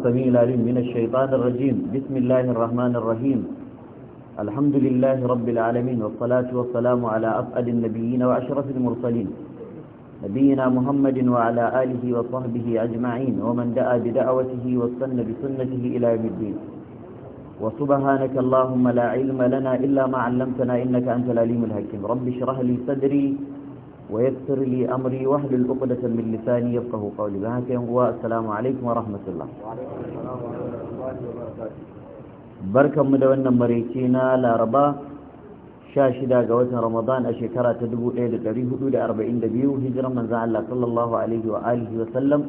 السميع العليم من الشيطان الرجيم بسم الله الرحمن الرحيم الحمد لله رب العالمين والصلاة والسلام على أفأد النبيين وأشرف المرسلين نبينا محمد وعلى آله وصحبه أجمعين ومن دعا بدعوته واستنى بسنته إلى يوم الدين وسبحانك اللهم لا علم لنا إلا ما علمتنا إنك أنت العليم الحكيم رب اشرح لي صدري ويسر لي أمري واحلل عقدة من لساني يفقه قولي بهاك ينقوى السلام عليكم ورحمة الله barkan mu da wannan maraice na laraba 16 ga watan ramadan a shekara ta 1442 hijiran manzan Allah sallallahu alaihi wa alihi wa sallam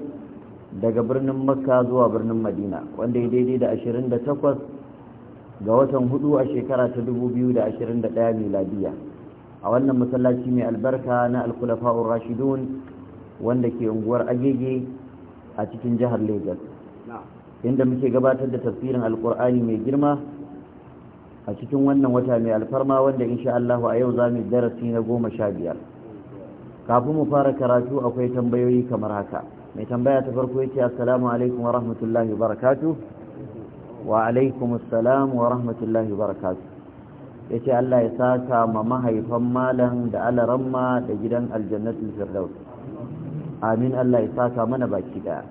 daga birnin makka zuwa birnin madina wanda ya daidai da 28 ga watan hudu a shekara ta 2021 miladiya a wannan masallaci mai albarka na alkulafa'ur rashidun wanda ke unguwar agege a cikin jihar lagos inda muke gabatar da tafsirin alkur'ani mai girma a cikin wannan wata mai alfarma wanda insha Allah a yau za mu darasi na goma sha biyar kafin mu fara karatu akwai tambayoyi kamar haka mai tambaya ta farko yace assalamu alaikum wa rahmatullahi wa barakatuh wa alaikum assalam wa rahmatullahi wa barakatuh ya ce Allah ya saka ma mahaifan malam da alaramma da gidan aljannatul firdaus amin Allah ya saka mana baki daya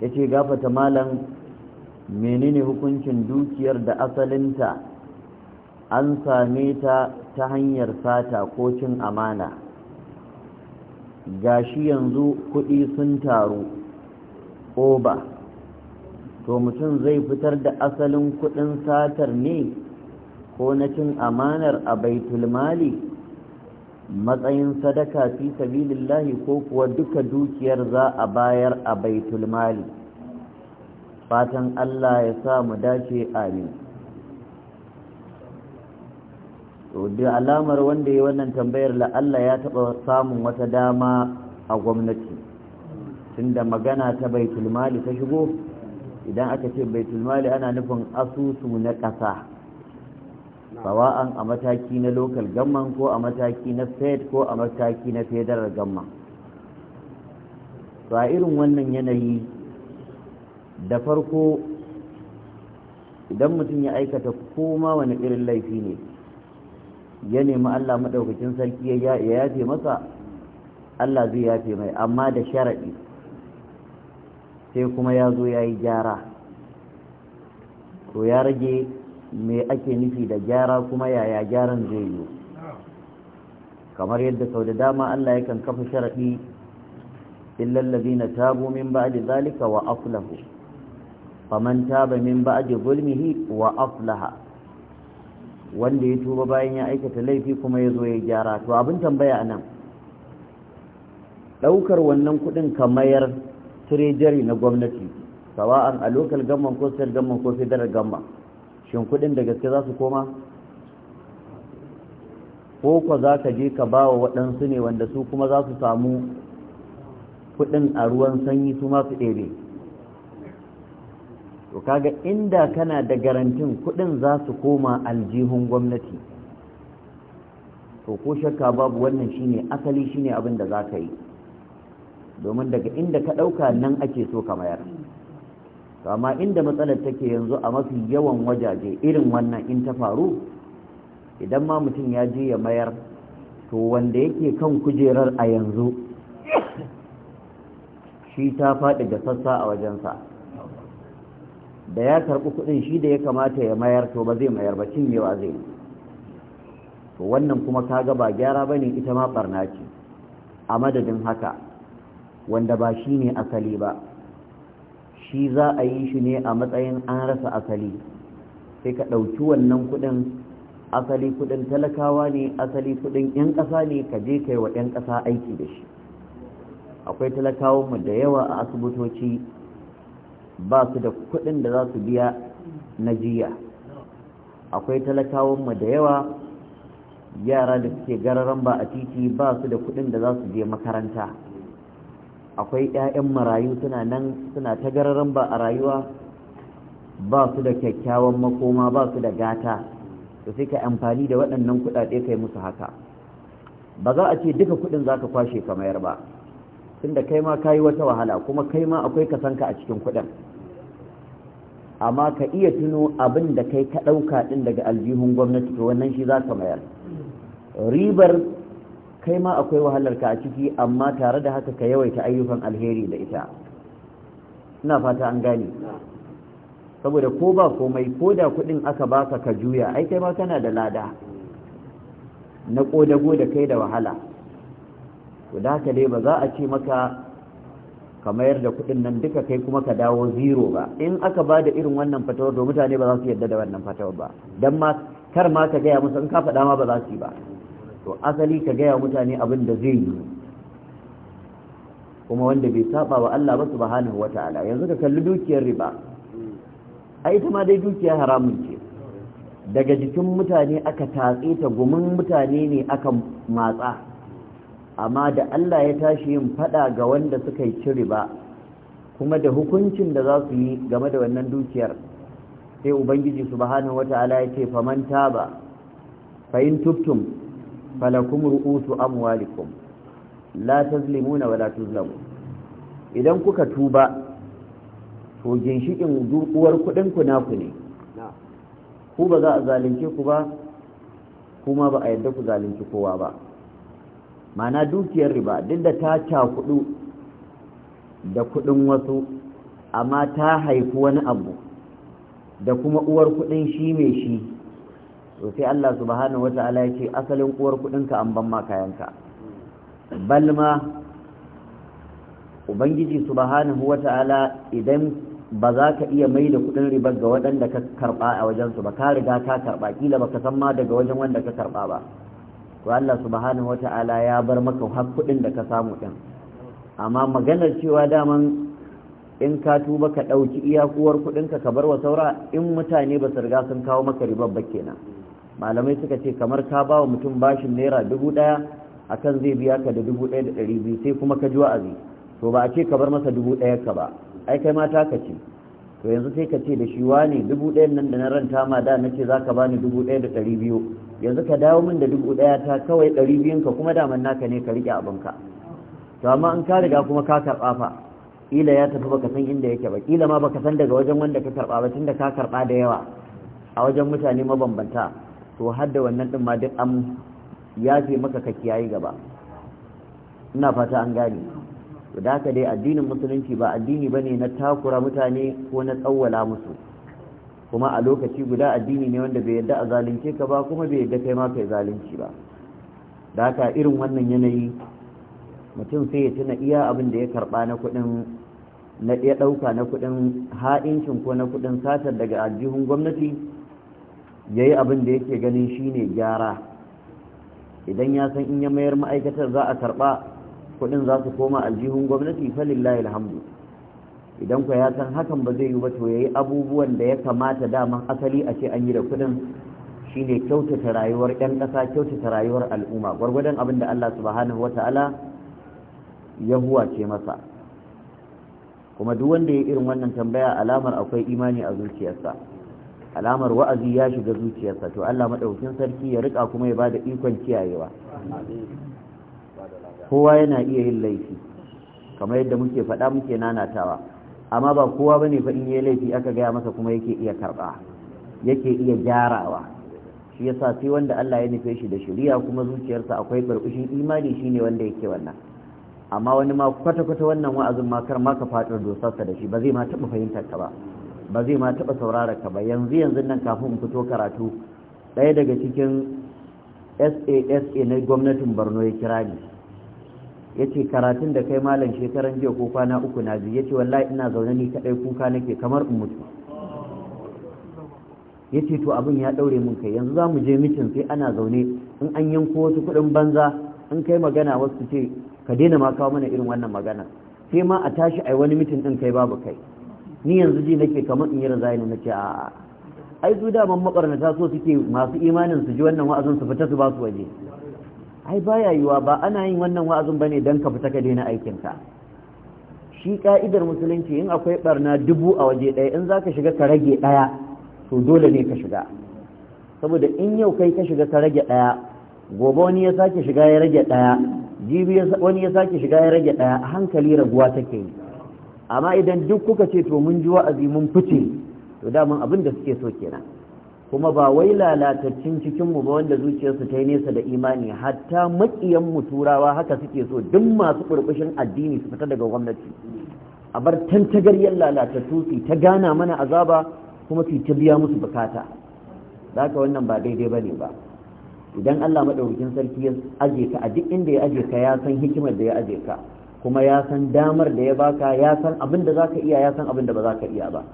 ya ce gafata malam menene hukuncin dukiyar da asalinta an same ta ta hanyar sata ko cin amana gashi yanzu kuɗi sun taru oba to mutum zai fitar da asalin kuɗin satar ne ko na cin amanar a baitul mali matsayin sadaka fi sabilillahi ko kuwa duka dukiyar za a bayar a baitul mali fatan Allah ya sa mu dace amin to da alamar wanda ya wannan tambayar la Allah ya taba samun wata dama a gwamnati tunda magana ta baitul mali ta shigo idan aka ce baitul mali ana nufin asusu na ƙasa sawa'an a mataki na local gamman ko a mataki na fed ko a mataki na federal gamman to a irin wannan yanayi da farko idan mutum ya aikata koma wani irin laifi ne ya nemi allah maɗaukacin sarki ya yafe masa allah zai yafe mai amma da sharaɗi sai kuma ya zo ya yi gyara to ya rage me ake nufi da gyara kuma yaya gyaran zai yi kamar yadda sau da dama Allah yakan kafa sharaɗi illal ladina tabu min ba'di zalika wa aflahu faman taba min ba'di zulmihi wa aflaha wanda ya tuba bayan ya aikata laifi kuma ya zo ya gyara to abin tambaya anan ɗaukar wannan kuɗin kamayar tirejari na gwamnati sawa'an a lokal government ko state government ko federal government shin kudin da gaske za su koma ko kwa za ka je ka ba wa waɗansu ne wanda su kuma za su samu kudin a ruwan sanyi su masu ɗebe to kaga inda kana da garantin kudin za su koma aljihun gwamnati to ko shakka babu wannan shine asali shine abin da za ka yi domin daga inda ka ɗauka nan ake so ka mayar to amma inda matsalar take yanzu a mafi yawan wajaje irin wannan in ta faru idan ma mutum ya je ya mayar to wanda yake kan kujerar a yanzu shi ta faɗi da sassa a wajensa da ya karɓi kuɗin shi da ya kamata ya mayar to ba zai mayar ba cinyewa zai to wannan kuma kaga ba gyara ne ita ma ɓarnaci ce a madadin haka wanda ba shi ne asali ba shi za a yi shi ne a matsayin an rasa asali sai ka ɗauki wannan kuɗin asali kuɗin talakawa ne asali kuɗin 'yan ƙasa ne ka je kai wa 'yan ƙasa aiki da shi akwai talakawanmu da yawa a asibitoci ba su da kuɗin da za su biya na jiya akwai talakawanmu da yawa yara da suke gararan ba a titi ba su da kuɗin da za su je makaranta akwai 'ya'yan marayu suna nan suna ta gararan ba a rayuwa ba su da kyakkyawan makoma ba su da gata to sai ka amfani da waɗannan kuɗaɗe kai musu haka ba za a ce duka kuɗin za ka kwashe ka mayar ba tunda kai ma ka yi wata wahala kuma kai ma akwai sanka a cikin kuɗin amma ka iya tuno abin da kai ka ɗauka ɗin daga aljihun gwamnati to wannan shi za ka mayar ribar kai ma akwai wahalarka a ciki amma tare da haka ka yawaita ayyukan alheri da ita ina fata an gane saboda ko ba komai ko da kuɗin aka baka ka juya ai kai ma kana da lada na ƙodago da kai da wahala to da haka dai ba za a ce maka ka mayar da kuɗin nan duka kai kuma ka dawo zero ba in aka ba da irin wannan fatawar to mutane ba za su yarda da wannan fatawar ba don ma kar ma ka gaya musu in ka faɗa ma ba za su yi ba to asali ka gaya mutane abin da zai yi kuma wanda bai saba wa Allah ba subhanahu wata'ala yanzu ka kalli dukiyar riba ai ita ma dai dukiya haramun ce daga jikin mutane aka tatse ta gumin mutane ne aka matsa amma da Allah ya tashi yin fada ga wanda suka yi ci riba kuma da hukuncin da za su yi game da wannan dukiyar sai ubangiji subhanahu wata'ala ya ce faman taba fa in tubtum falakum ru'usu amwalikum la tazlimuna wala tuzlamu idan kuka tuba to ginshikin dukuwar kudin ku naku ne ku ba za a zalunce ku ba kuma ba a yadda ku zalunci kowa ba mana dukiyar riba duk da ta cakudu da kudin wasu amma ta haifi wani abu da kuma uwar kudin shi mai shi to sai Allah subhanahu wata'ala ya ce asalin uwar kuɗinka an ban ma kayanka balma ubangiji subhanahu wata'ala idan ba za ka iya mai da kudin ribar ga waɗanda ka karɓa a wajensu ba ka riga ka karba kila ba ka san ma daga wajen wanda ka karba ba to Allah subhanahu wata'ala ya bar maka har da ka samu din amma maganar cewa daman in ka tuba ka ɗauki iyakuwar kuɗin ka bar wa saura in mutane ba su riga sun kawo maka ribar ba kenan malamai suka ce kamar ka ba wa mutum bashin naira dubu ɗaya kan zai biya ka da dubu ɗaya da ɗari biyu sai kuma ka ji wa'azi to ba a ce ka bar masa dubu ɗaya ka ba ai kai ma ka ce to yanzu sai ka ce da shi wani dubu ɗayan nan da na ranta ma da nace za ka bani dubu ɗaya da ɗari biyu yanzu ka dawo min da dubu ɗaya ta kawai ɗari biyun ka kuma daman naka ne ka riƙe ka to amma in ka riga kuma ka karɓa fa ƙila ya tafi baka san inda yake ba ƙila ma baka san daga wajen wanda ka karɓa ba tunda ka karɓa da yawa a wajen mutane mabambanta to har da wannan din ma duk an yafe maka ka kiyaye gaba ina fata an gane to da haka dai addinin musulunci ba addini ne na takura mutane ko na tsawwala musu kuma a lokaci guda addini ne wanda bai yadda a zalunce ka ba kuma bai yadda kai ma kai zalunci ba da haka irin wannan yanayi mutum sai ya tuna iya abin da ya karba na kuɗin na ɗauka na kuɗin ha'incin ko na kuɗin satar daga aljihun gwamnati yayi yi abin da yake ganin shine gyara idan ya san in ya mayar ma'aikatar za a karba kudin za su koma aljihun gwamnati falillahi alhamdu idan ku ya san hakan ba zai yi ba to ya yi abubuwan da ya kamata daman asali a ce an yi da kuɗin shine kyautata rayuwar 'yan ƙasa kyautata rayuwar al'umma gwargwadon abin da allah subhanahu wata'ala ya huwace masa kuma duk wanda ya irin wannan tambaya alamar akwai imani a zuciyarsa alamar wa'azi ya shiga zuciyarsa to Allah madaukin sarki ya rika kuma ya bada ikon kiyayewa kowa yana iya yin laifi kamar yadda muke faɗa muke nanatawa amma ba kowa bane fa in yayi laifi aka gaya masa kuma yake iya karba yake iya gyarawa shi yasa sai wanda Allah ya nufe shi da shari'a kuma zuciyarsa akwai barkushin imani shine wanda yake wannan amma wani ma kwata-kwata wannan wa'azin ma kar ma ka fadar dosarsa da shi ba zai ma taɓa fahimtar ka ba ba zai ma taɓa saurara ka ba yanzu yanzu nan kafin fito karatu ɗaya daga cikin sasa na gwamnatin borno ya kira ni ya ce karatun da kai malam shekaran jiya ko kwana uku na biyu ya ce wallahi ina zaune ni kaɗai kuka nake kamar in mutu ya ce to abin ya ɗaure mun kai yanzu za mu je mitin sai ana zaune in an yanko wasu kuɗin banza in kai magana wasu ce ka daina ma kawo mana irin wannan magana sai ma a tashi a wani mitin ɗin kai babu kai ni yanzu ji nake kamar in yi resign na ce a'a ai su daman makarnata so suke masu imanin su ji wannan wa'azin su fita su ba su waje ai baya yiwa ba ana yin wannan wa'azin bane dan ka fita ka daina aikin ka shi ka'idar musulunci in akwai barna dubu a waje ɗaya in za ka shiga ka rage ɗaya to dole ne ka shiga saboda in yau kai ka shiga ka rage ɗaya gobe wani ya sake shiga ya rage ɗaya jibi wani ya sake shiga ya rage ɗaya hankali raguwa take yi amma idan duk kuka ce to mun ji wa'azi mun fice to daman abin da suke so kenan kuma ba wai lalataccin cikinmu ba wanda zuciyarsu ta yi nesa da imani hatta maƙiyanmu turawa haka suke so duk masu burbushin addini su fita daga gwamnati a bar tantagaryar lalatattu su ta gana mana azaba kuma su ta biya musu bukata da haka wannan ba daidai ba ne ba idan allah maɗaukakin sarki ya aje ka a duk inda ya aje ka ya san hikimar da ya aje ka kuma ya san damar da ya baka ya san abin da zaka iya ya san abin da ba zaka iya ba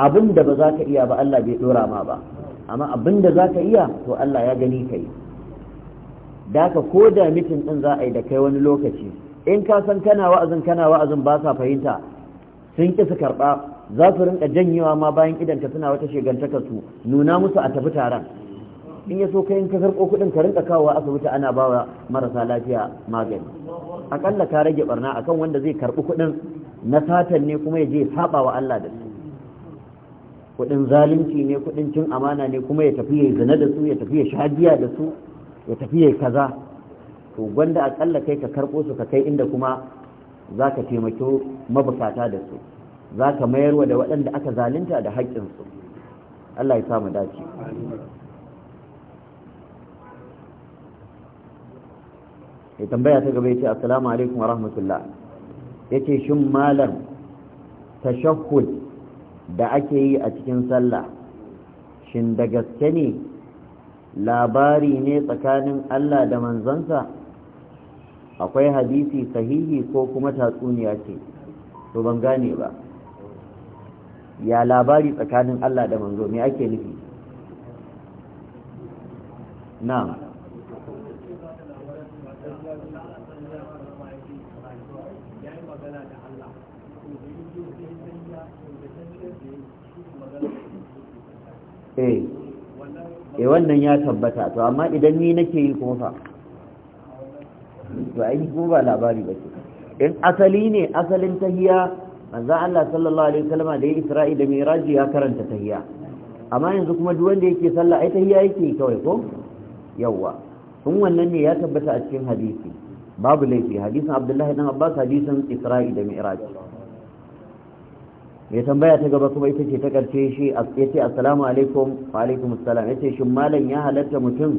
abin da ba zaka iya ba Allah bai dora ma ba amma abin da zaka iya to Allah ya gani kai da ka ko da mitin din za a yi da kai wani lokaci in ka san kana wa'azin kana wa'azin ba sa fahimta sun ki su karba za su rinka janyewa ma bayan idan ka suna wata shegantaka su nuna musu a tafi taron in ya so kai in ka karɓo kuɗin ka rinka kawo asibiti ana bawa marasa lafiya magani akalla ka rage barna akan wanda zai karɓi kuɗin na satan ne kuma ya je saba wa Allah da su kuɗin zalunci ne kuɗin cin amana ne kuma ya tafi ya zina da su ya tafi ya da su ya tafi ya kaza to gwanda akalla kai ka karɓo su ka kai inda kuma zaka ka mabukata da su za mayarwa da waɗanda aka zalunta da haƙƙinsu Allah ya samu dace ya tambaya ta gaba yace ce assalamu alaikum wa rahmatullah yace shin malam tashahhud da ake yi a cikin sallah shin da gaske ne labari ne tsakanin Allah da manzansa akwai hadisi sahihi ko kuma tatsuniya ce to ban gane ba ya labari tsakanin Allah da manzo me ake nufi na'am Eh. eh wannan ya tabbata to amma idan ni nake yi kuma to ai kuma ba labari ba ce in asali ne asalin tahiya manzo Allah sallallahu alaihi wasallam da Isra'i da Miraji ya karanta tahiya amma yanzu kuma duk wanda yake sallah ai tahiya yake kawai ko yawa kun wannan ne ya tabbata a cikin hadisi babu laifi hadisin Abdullahi dan Abbas hadisin Isra'i da Miraji mai tambaya ta gaba kuma ita ce ta karshe shi ya ce assalamu alaikum wa alaikum assalam ya ce shi malam ya halatta mutum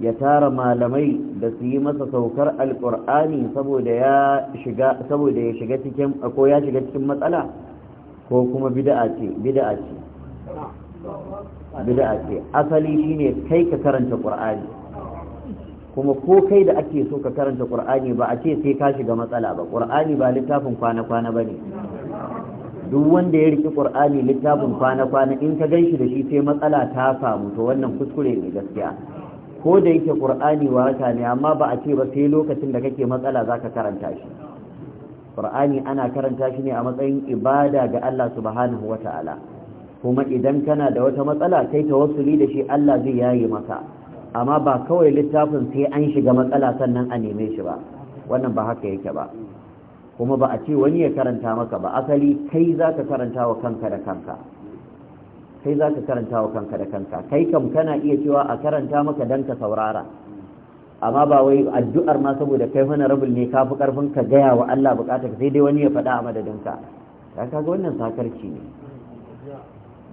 ya tara malamai da su yi masa saukar alƙur'ani saboda ya shiga cikin ko ya shiga cikin matsala ko kuma bid'a ce ce ce asali shine kai ka karanta qur'ani kuma ko kai da ake so ka karanta ƙur'ani ba a ce sai ka shiga matsala ba ƙur'ani ba littafin kwana kwana ba ne. duk wanda ya riki qur'ani littafin kwana kwana in ka ganshi da shi sai matsala ta samu to wannan kuskure ne gaskiya ko da yake qur'ani waraka ne amma ba a ce ba sai lokacin da kake matsala zaka karanta shi Kur'ani ana karanta shi ne a matsayin ibada ga Allah subhanahu Ta'ala. kuma idan kana da wata matsala kai tawassuli da shi Allah zai yaye maka amma ba kawai littafin sai an shiga matsala sannan a neme shi ba wannan ba haka yake ba kuma ba a ce wani ya karanta maka ba asali kai za ka karanta wa kanka da kanka kai za ka karanta wa kanka da kanka kai kam kana iya cewa a karanta maka don ka saurara amma ba wai addu'ar ma saboda kai wani rabul ne ka fi karfin ka gaya wa Allah bukatar sai dai wani ya faɗa a madadinka ka kaga wannan sakarci ne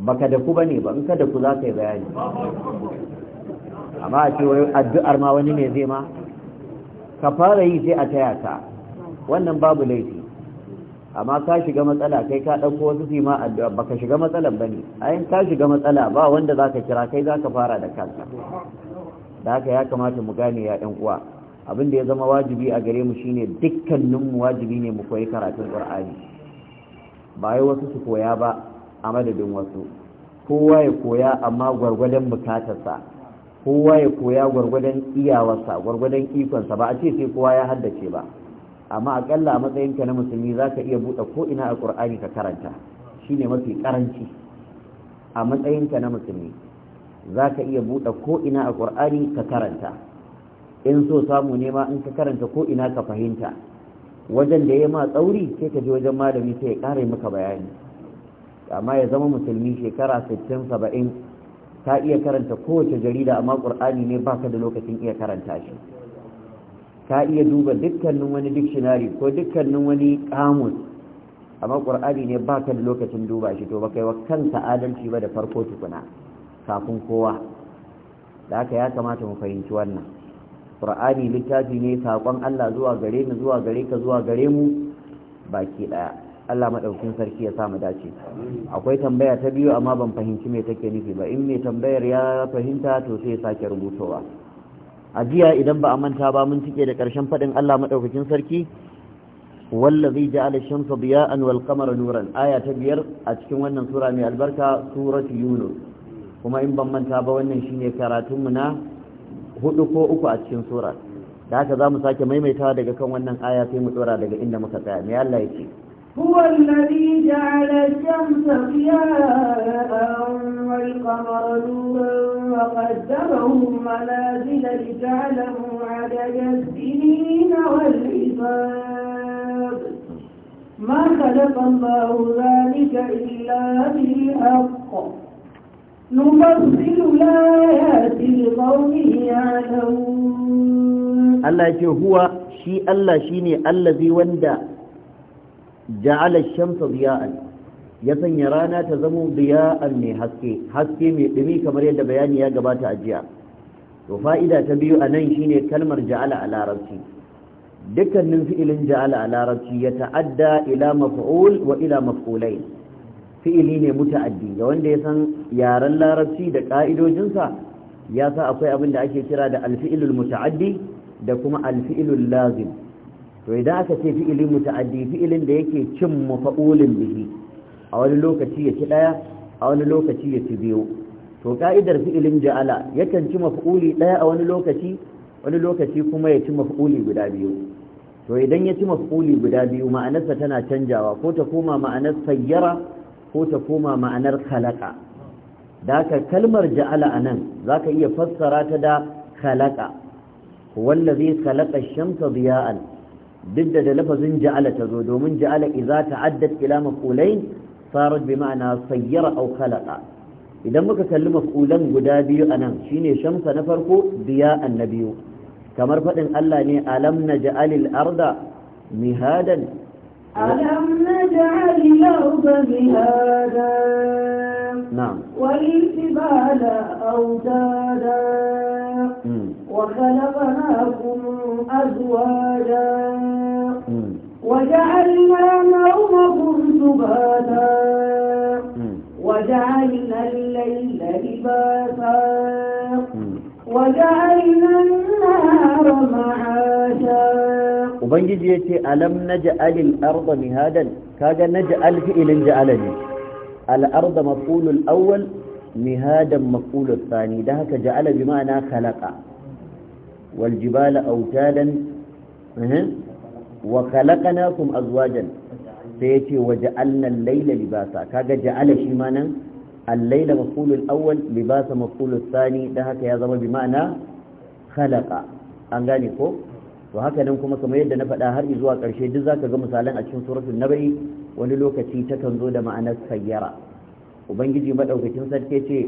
baka da ku bane ba in ka da ku za ka yi bayani amma a ce wai addu'ar ma wani ne zai ma ka fara yi sai a taya ka wannan babu laifi amma ka shiga matsala kai ka ɗauko wasu su ma addu'a baka shiga matsalan bane ayin ka shiga matsala ba wanda zaka kira kai zaka fara da kanka da haka ya kamata mu gane ya ɗan uwa abin da ya zama wajibi a gare mu shine dukkanin mu wajibi ne mu koyi karatun Qur'ani ba yi wasu su koya ba a madadin wasu kowa ya koya amma gwargwadon bukatarsa kowa ya koya gwargwadon iyawarsa gwargwadon ikonsa ba a ce sai kowa ya haddace ba amma akalla a matsayinka na musulmi za ka iya buɗe ko ina a ƙur'ani ka karanta shi ne mafi ƙaranci a matsayinka na musulmi za ka iya buɗe ko'ina a ƙur'ani ka karanta in so samu nema in ka karanta ko'ina ka fahimta wajen da ya ma tsauri sai ka je wajen malami sai ya ƙara maka bayani amma ya zama musulmi shekara sittin saba'in ta iya karanta kowace jarida amma ƙur'ani ne baka da lokacin iya karanta shi ka iya duba dukkanin wani dictionary ko dukkanin wani kamus amma qur'ani ne ka da lokacin duba shi to bakai yi wa kanka adalci ba da farko tukuna kafin kowa da haka ya kamata mu fahimci wannan qur'ani littafi ne sakon Allah zuwa gare mu zuwa gare ka zuwa gare mu baki daya Allah madaukin sarki ya sa mu dace akwai tambaya ta biyu amma ban fahimci me take nufi ba in me tambayar ya fahimta to sai ya sake rubutowa a jiya idan ba a manta ba mun cike da ƙarshen faɗin Allah maɗaukakin sarki wallazi ja'ala shamsa diya'an wal qamara nuran aya ta biyar a cikin wannan sura mai albarka suratu yunus kuma in ban manta ba wannan shine karatun mu na hudu ko uku a cikin sura da haka zamu sake maimaitawa daga kan wannan aya sai mu tsora daga inda muka tsaya me Allah yake هو الذي جعل الشمس ضياء والقمر نورا وقدره منازل لتعلموا عدد السنين والحساب ما خلق الله ذلك إلا بالحق نفصل الآيات لقوم يعلمون الله هو شيء الله شيء الذي وندى ja'ala shamsa diya'an ya sanya rana ta zamo diya'an mai haske haske mai dumi kamar yadda bayani ya gabata a jiya to fa'ida ta biyu a nan shine kalmar ja'ala a larabci dukkanin fi'ilin ja'ala a larabci ya ta'adda ila maf'ul wa ila maf'ulain fi'ili ne muta'addi ga wanda ya san yaren larabci da ka'idojinsa ya sa akwai abin da ake kira da alfi'ilul muta'addi da kuma alfi'ilul lazim to idan aka ce fi'ilin muta'addi fi'ilin da yake cin mafa'ulin bihi a wani lokaci ya ci daya a wani lokaci ya ci biyu to ka'idar fi'ilin ja'ala yakan ci mafa'uli daya a wani lokaci wani lokaci kuma ya ci mafa'uli guda biyu to idan ya ci mafa'uli guda biyu ma'anarsa tana canjawa ko ta koma ma'anar sayyara ko ta koma ma'anar khalaqa da ka kalmar ja'ala anan zaka iya fassara ta da khalaqa wallazi khalaqa ash-shamsa diya'an duk da da lafazin ja'ala ta zo domin ja'ala idza addad ila maf'ulain sarat bi ma'ana sayyara aw khalaqa idan muka kalli maf'ulan guda biyu anan shine shamsa na farko biya annabiyu kamar fadin Allah ne alam naj'alil arda mihadan ألم نجعل الأرض مهادا نعم والجبال أوتادا وخلقناكم أزواجا وجعلنا نومكم سباتا وجعلنا الليل لباسا وجعلنا النهار معاشا ubangiji ya ce alam na ja'alin arda mihadan kaga na ja'al fi'ilin ja'ala ne al'arda mafulul awwal mihadan mafulul sani da haka ja'ala bi ma'ana khalaqa wal jibala autadan eh, wa khalaqnakum azwajan sai ya ce wa ja'alna al-laila libasa kaga ja'ala shi ma nan al-laila mafulul awwal libasa mafulul sani da haka ya zama bi ma'ana khalaqa an gane ko to haka nan kuma kamar yadda na faɗa har zuwa ƙarshe duk zaka ga misalan a cikin suratul nab'i wani lokaci ta kan zo da ma'anar sayyara ubangiji madaukakin sarki ce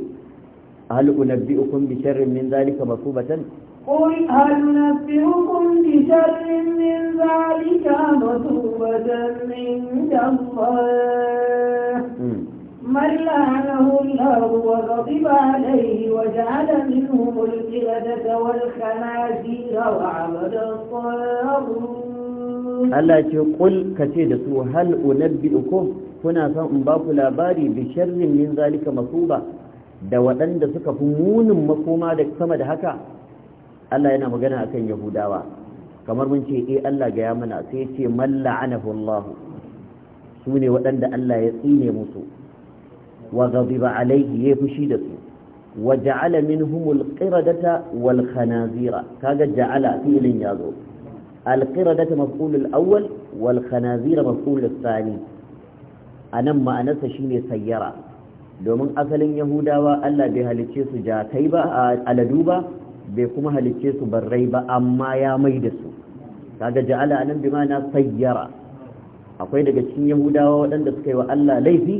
hal unabbi'ukum bi sharrin min zalika masubatan قل هل نبئكم بشر من ذلك مثوبة عند الله من لعنه الله وغضب عليه وجعل منهم القردة والخنازير وعبد الطاغوت Allah ce kul ka ce da su hal unabbi'ukum kuna son in ba ku labari bi sharrin min zalika masuba da waɗanda suka fi munin makoma da sama da haka Allah yana magana akan Yahudawa kamar mun ce eh Allah ga ya mana sai ce malla la'anahu Allah su ne waɗanda Allah ya tsine musu wa ghadiba alayhi ya fushi da su wa ja'ala minhum al-qiradata wal khanazira kaga ja'ala fi'lin yazo al-qiradata maf'ul al-awwal wal khanazira maf'ul al anan ma'anarsa shine sayyara domin asalin yahudawa Allah bai halicce su jakai ba aladu ba bai kuma halicce su barrai ba amma ya mai da su kaga ja'ala anan bi ma'ana sayyara akwai daga cikin yahudawa waɗanda suka yi wa Allah laifi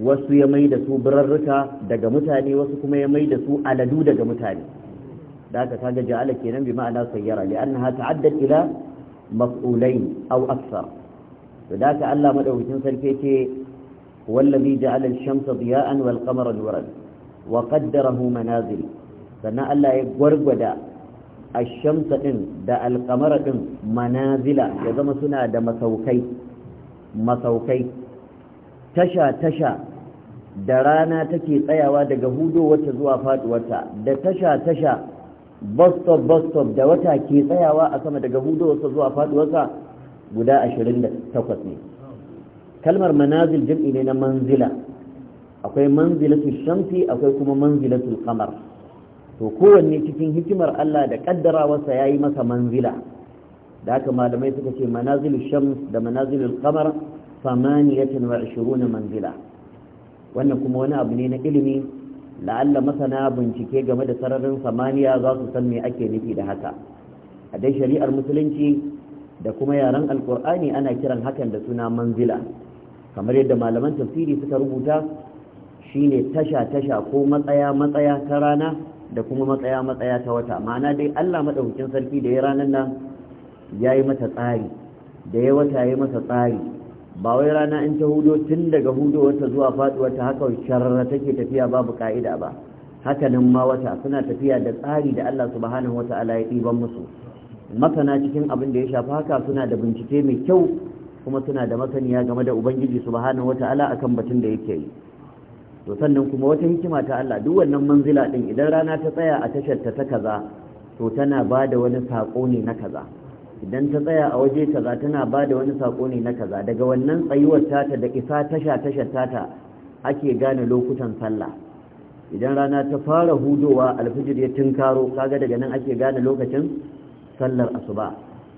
wasu ya mai da su birarruka daga mutane wasu kuma ya mai da su aladu daga mutane da haka kaga ja'ala kenan bi ma'ana sayyara li'annaha ta'addat ila mas'ulain aw akthar to da ka Allah madaukakin sarki yake wallazi ja'ala ash-shamsa diya'an wal qamara nuran wa qaddarahu manazil sannan Allah ya gwargwada ash-shamsa din da al-qamara din manazila ya zama suna da masaukai masaukai tasha-tasha da rana take tsayawa daga hudowarta zuwa faduwarta da tasha-tasha stop bus da wata ke tsayawa a sama daga hudowarsa zuwa faduwarsa guda 28 ne kalmar manazil jam'i ne na manzila akwai manzilatul shamsi akwai kuma manzilatul kamar. to kowanne cikin hikimar Allah da kaddarawarsa yi masa manzila da haka malamai suka ce manazilul shams da manazilul kamar? samaniyatin wa na manzila wannan kuma wani abu ne na ilimi la'alla masana bincike game da sararin samaniya za su san me ake nufi da haka a dai shari'ar musulunci da kuma yaren alkur'ani ana kiran hakan da suna manzila kamar yadda malaman tafsiri suka rubuta shine tasha tasha ko matsaya matsaya ta rana da kuma matsaya matsaya ta wata ma'ana dai Allah madaukakin sarki da ya ranar nan ya yi mata tsari da ya wata ya mata tsari ba wai rana in ta hudo tun daga wata zuwa faduwarta haka shararra take tafiya babu ka'ida ba haka nan ma wata suna tafiya da tsari da Allah subhanahu wata'ala ya ɗiban musu masana cikin abin da ya shafa haka suna da bincike mai kyau kuma suna da masaniya game da ubangiji subhanahu wata'ala akan batun da yake yi to sannan kuma wata hikima ta Allah duk wannan manzila din idan rana ta tsaya a tashar ta ta kaza to tana bada wani sako ne na kaza idan ta tsaya a waje kaza tana ba da wani saƙo ne na kaza daga wannan tsayuwar tata da isa tasha tasha tata ake gane lokutan sallah idan rana ta fara hudowa alfijir ya tinkaro kaga daga nan ake gane lokacin sallar asuba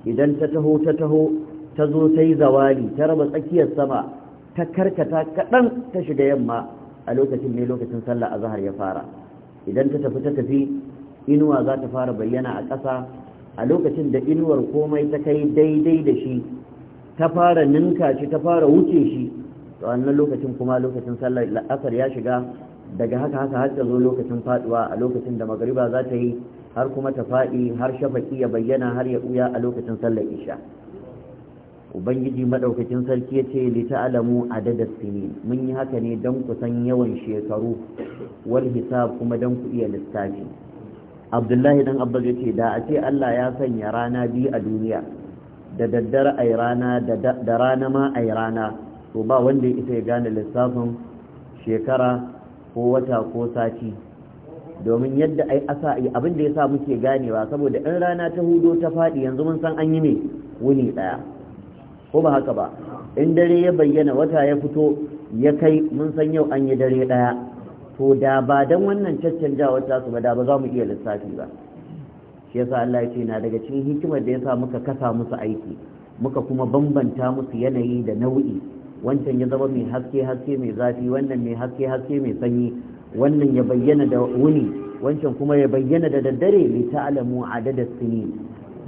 idan ta taho ta taho ta zo ta yi zawali ta raba tsakiyar sama ta karkata kaɗan ta shiga yamma a lokacin ne lokacin sallah a zahar ya fara idan ta tafi ta tafi inuwa za ta fara bayyana a ƙasa a lokacin da inuwar komai ta kai daidai da shi ta fara ninka shi ta fara wuce shi to wannan lokacin kuma lokacin sallar la'asar ya shiga daga haka haka har ta zo lokacin faduwa a lokacin da magariba za ta yi har kuma ta faɗi har shafaki ya bayyana har ya ɓuya a lokacin sallar isha ubangiji madaukakin sarki ya ce li ta'lamu adadad sinin mun yi haka ne don ku san yawan shekaru wal hisab kuma don ku iya lissafi abdullahi dan abbas ce, da a ce Allah ya sanya rana biyu a duniya da daddare ai rana da rana ma ai rana to ba wanda ya isa ya gane lissafin shekara ko wata ko sati domin yadda ai asa ai abin da yasa muke ganewa saboda in rana ta hudo ta faɗi, yanzu mun san an yi ne wuni ɗaya, ko ba haka ba in dare ya bayyana wata ya fito ya kai mun san yau an yi dare ɗaya. to da ba dan wannan caccanjawa wata su ba da ba za mu iya lissafi ba shi yasa Allah ya ce na daga cikin hikimar da yasa muka kasa musu aiki muka kuma bambanta musu yanayi da nau'i wancan ya zama mai haske haske mai zafi wannan mai haske haske mai sanyi wannan ya bayyana da wuni wancan kuma ya bayyana da daddare li ta'lamu adada sini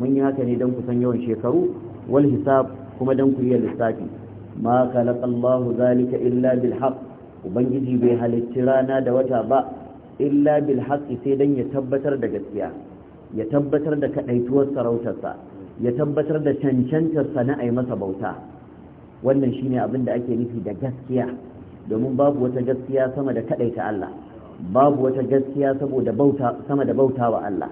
mun yi haka ne don ku san yawan shekaru wal hisab kuma don ku iya lissafi ma khalaqallahu zalika illa bil haqq ubangiji bai halitti rana da wata ba illa bil sai dan ya tabbatar da gaskiya ya tabbatar da kaɗaituwar sarautarsa ya tabbatar da cancantar sana'ai masa bauta wannan shine abin da ake nufi da gaskiya domin babu wata gaskiya sama da kadaita Allah babu wata gaskiya saboda bauta sama da bauta wa Allah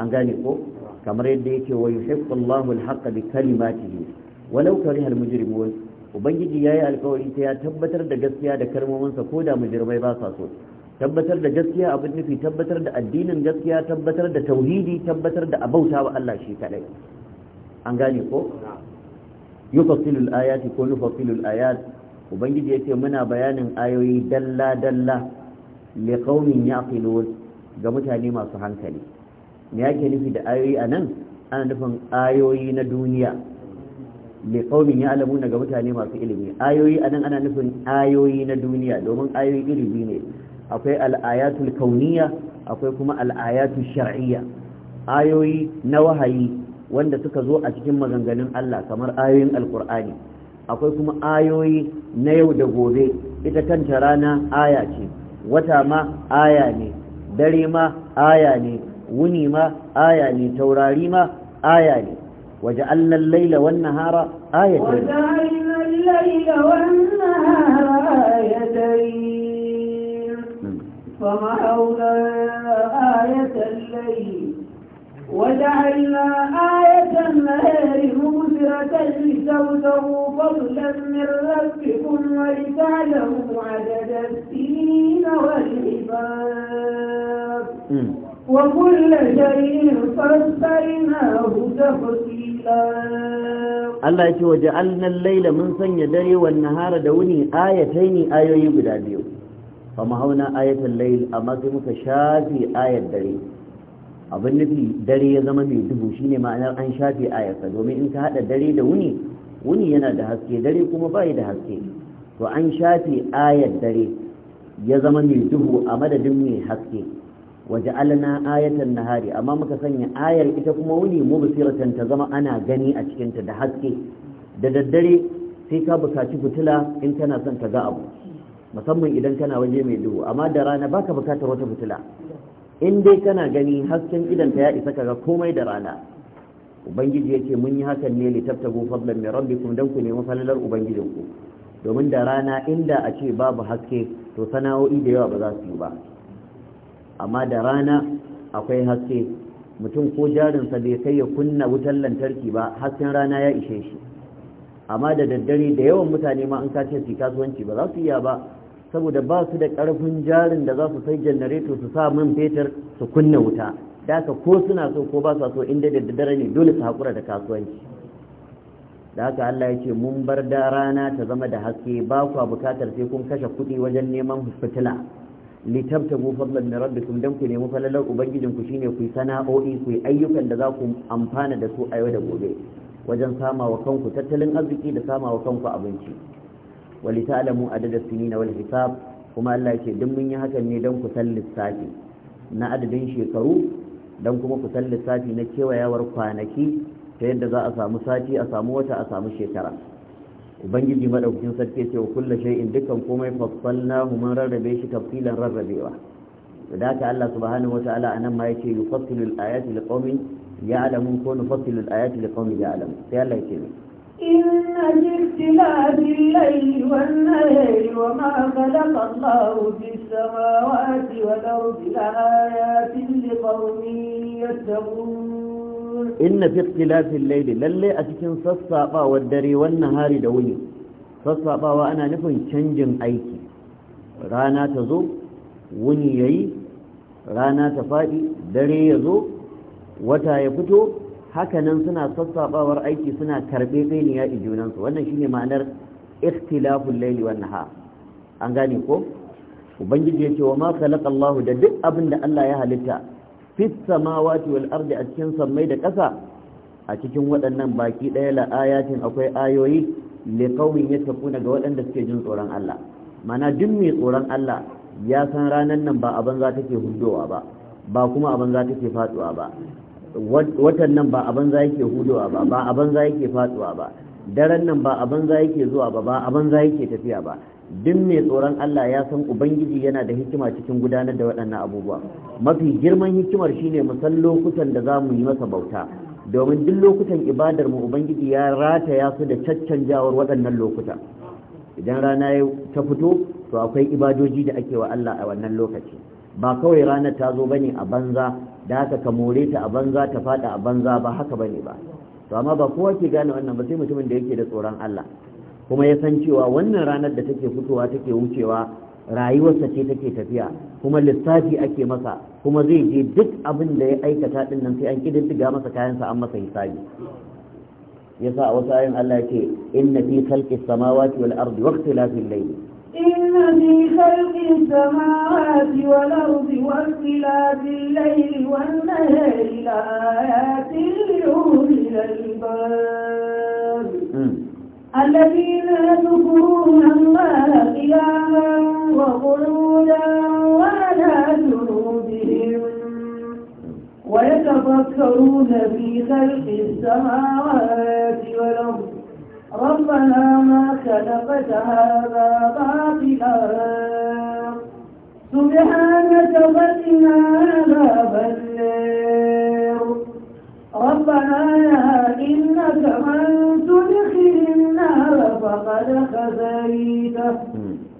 an gane ko kamar yadda yake wa yuhibbu Allahu al-haqqa bi kalimatihi walau kariha al-mujrimun ubangiji ya yi alkawari ta ya tabbatar da gaskiya da kalmominsa ko da mujirmai ba sa so tabbatar da gaskiya abin nufi tabbatar da addinin gaskiya tabbatar da tauhidi tabbatar da abauta wa Allah shi kadai an gane ko yufassilu al-ayati ko nufassilu al-ayat ubangiji yace muna bayanin ayoyi dalla dalla li qaumin yaqilun ga mutane masu hankali me yake nufi da ayoyi a nan? ana nufin ayoyi na duniya li qaumin ya'lamuna ga mutane masu ilimi ayoyi anan ana nufin ayoyi na duniya domin ayoyi ilimi ne akwai al-ayatul kauniyya akwai kuma al-ayatul shar'iyya ayoyi na wahayi wanda suka zo a cikin maganganun Allah kamar ayoyin alkur'ani akwai kuma ayoyi na yau da gobe ita kanta rana aya ce wata ma aya ne dare ma aya ne wuni ma aya ne taurari ma aya ne وجعلنا الليل والنهار آيتين وجعلنا الليل والنهار آيتين فمحونا آية الليل وجعلنا آية النهار مبصرة لتبتغوا فضلا من ربكم ولتعلموا عدد السنين والحساب وكل شيء فسرناه تفصيلا Allah ya ce waje annan laila mun sanya dare wa nahara da wuni ayatai ne ayoyi guda biyu fa mahauna ayatul layl amma sai muka shafi ayat dare abin nufi dare ya zama mai duhu shine ma'anar an shafi ayarsa domin in ka hada dare da wuni wuni yana da haske dare kuma bai da haske to an shafi ayat dare ya zama mai duhu a madadin mai haske waje alana ayatan nahari amma muka sanya ayar ita kuma wuni mubsiratan ta zama ana gani a cikinta da haske da daddare sai ka bukaci fitila in kana son ka ga abu musamman idan kana waje mai duhu amma da rana baka bukatar wata fitila in dai kana gani hasken idan ta ya isa ka ga komai da rana ubangiji yake mun yi hakan ne li tabtagu fadlan min rabbikum dan ku nemi falalar ubangijinku domin da rana inda a ce babu haske to sana'o'i da yawa ba za su yi ba amma da rana akwai haske mutum ko jarinsa bai kai ya kunna wutar lantarki ba hasken rana ya ishe shi amma da daddare da yawan mutane ma an kace su kasuwanci ba za su iya ba saboda ba su da karfin jarin da za su sai janareto su sa man fetur su kunna wuta da ko suna so ko ba sa so inda da daddare ne dole su haƙura da kasuwanci da haka Allah ya ce mun bar da rana ta zama da haske ba kwa bukatar sai kun kashe kuɗi wajen neman fitila litabtagu fadlan min rabbikum dan ku nemi falalar ubangijin ku shine ku sana'o'i ku ayyukan da za ku amfana da su a yau da gobe wajen sama kanku tattalin arziki da samawa kanku abinci wali ta'lamu adada sinin wal hisab kuma Allah yake duk mun yi hakan ne dan ku san lissafi na adadin shekaru dan kuma ku san lissafi na kewayawar kwanaki ta yadda za a samu sati a samu wata a samu shekara ubangiji maɗaukin sarki ce wa kullu shay'in dukkan komai fassalnahu mun rarrabe shi tafsilan rarrabewa da haka Allah subhanahu wataala nan ma yace yufassilu al-ayati liqaumin ya'lamun ko nufassilu al-ayati liqaumin ya'lamun sai Allah yake ne ma kada اختلاف الليل والنهار وما خلق الله في السماوات والأرض لآيات لقوم يتقون inna fi ikhtilafil layli lalle a cikin sassabawar dare wannan hari da wuni sassabawa ana nufin canjin aiki rana ta zo wuni yayi rana ta fadi dare ya zo wata ya fito hakanan suna sassabawar aiki suna karbe zaini a junansu wannan shine ma'anar ikhtilaful layli wan nahar an gane ko ubangiji yake wa ma khalaqa Allahu da duk abin da Allah ya halitta Fissa samawati wal ardi a cikin sammai da ƙasa a cikin waɗannan baki ɗaya la ayatin akwai ayoyi li ya yattaquna ga waɗanda suke jin tsoron Allah mana duk mai tsoron Allah ya san ranan nan ba abin za ke hudowa ba ba kuma abin za ke faduwa ba watan nan ba abin za yake hudowa ba ba abin za yake faduwa ba daren nan ba abin za yake zuwa ba ba abin za yake tafiya ba duk mai tsoron Allah ya san ubangiji yana da hikima cikin gudanar da waɗannan abubuwa mafi girman hikimar shine mu san lokutan da za mu yi masa bauta domin duk lokutan ibadar mu ubangiji ya rataya su da caccanjawar waɗannan lokuta idan rana ta fito to akwai ibadoji da ake wa Allah a wannan lokaci ba kawai ranar ta zo bane a banza da haka ka more ta a banza ta fada a banza ba haka bane ba to amma ba kowa ke gane wannan ba sai mutumin da yake da tsoron Allah kuma ya san cewa wannan ranar da take fitowa take wucewa rayuwarsa ce take tafiya kuma lissafi ake masa kuma zai je duk abin da ya aikata din nan sai an kididdiga masa kayansa an masa hisabi yasa a wasu ayin Allah yake inna fi khalqis samawati wal ardi wa al-layli inna fi khalqis samawati wal ardi wa al layli wan nahari la ayatin li ulil albab hmm. الذين يذكرون الله قياما وقعودا وعلى جنوبهم ويتفكرون في خلق السماوات والأرض ربنا ما خلقت هذا باطلا سبحانك فقنا عذاب الليل ربنا إنك من تدخل النار فقد خزيته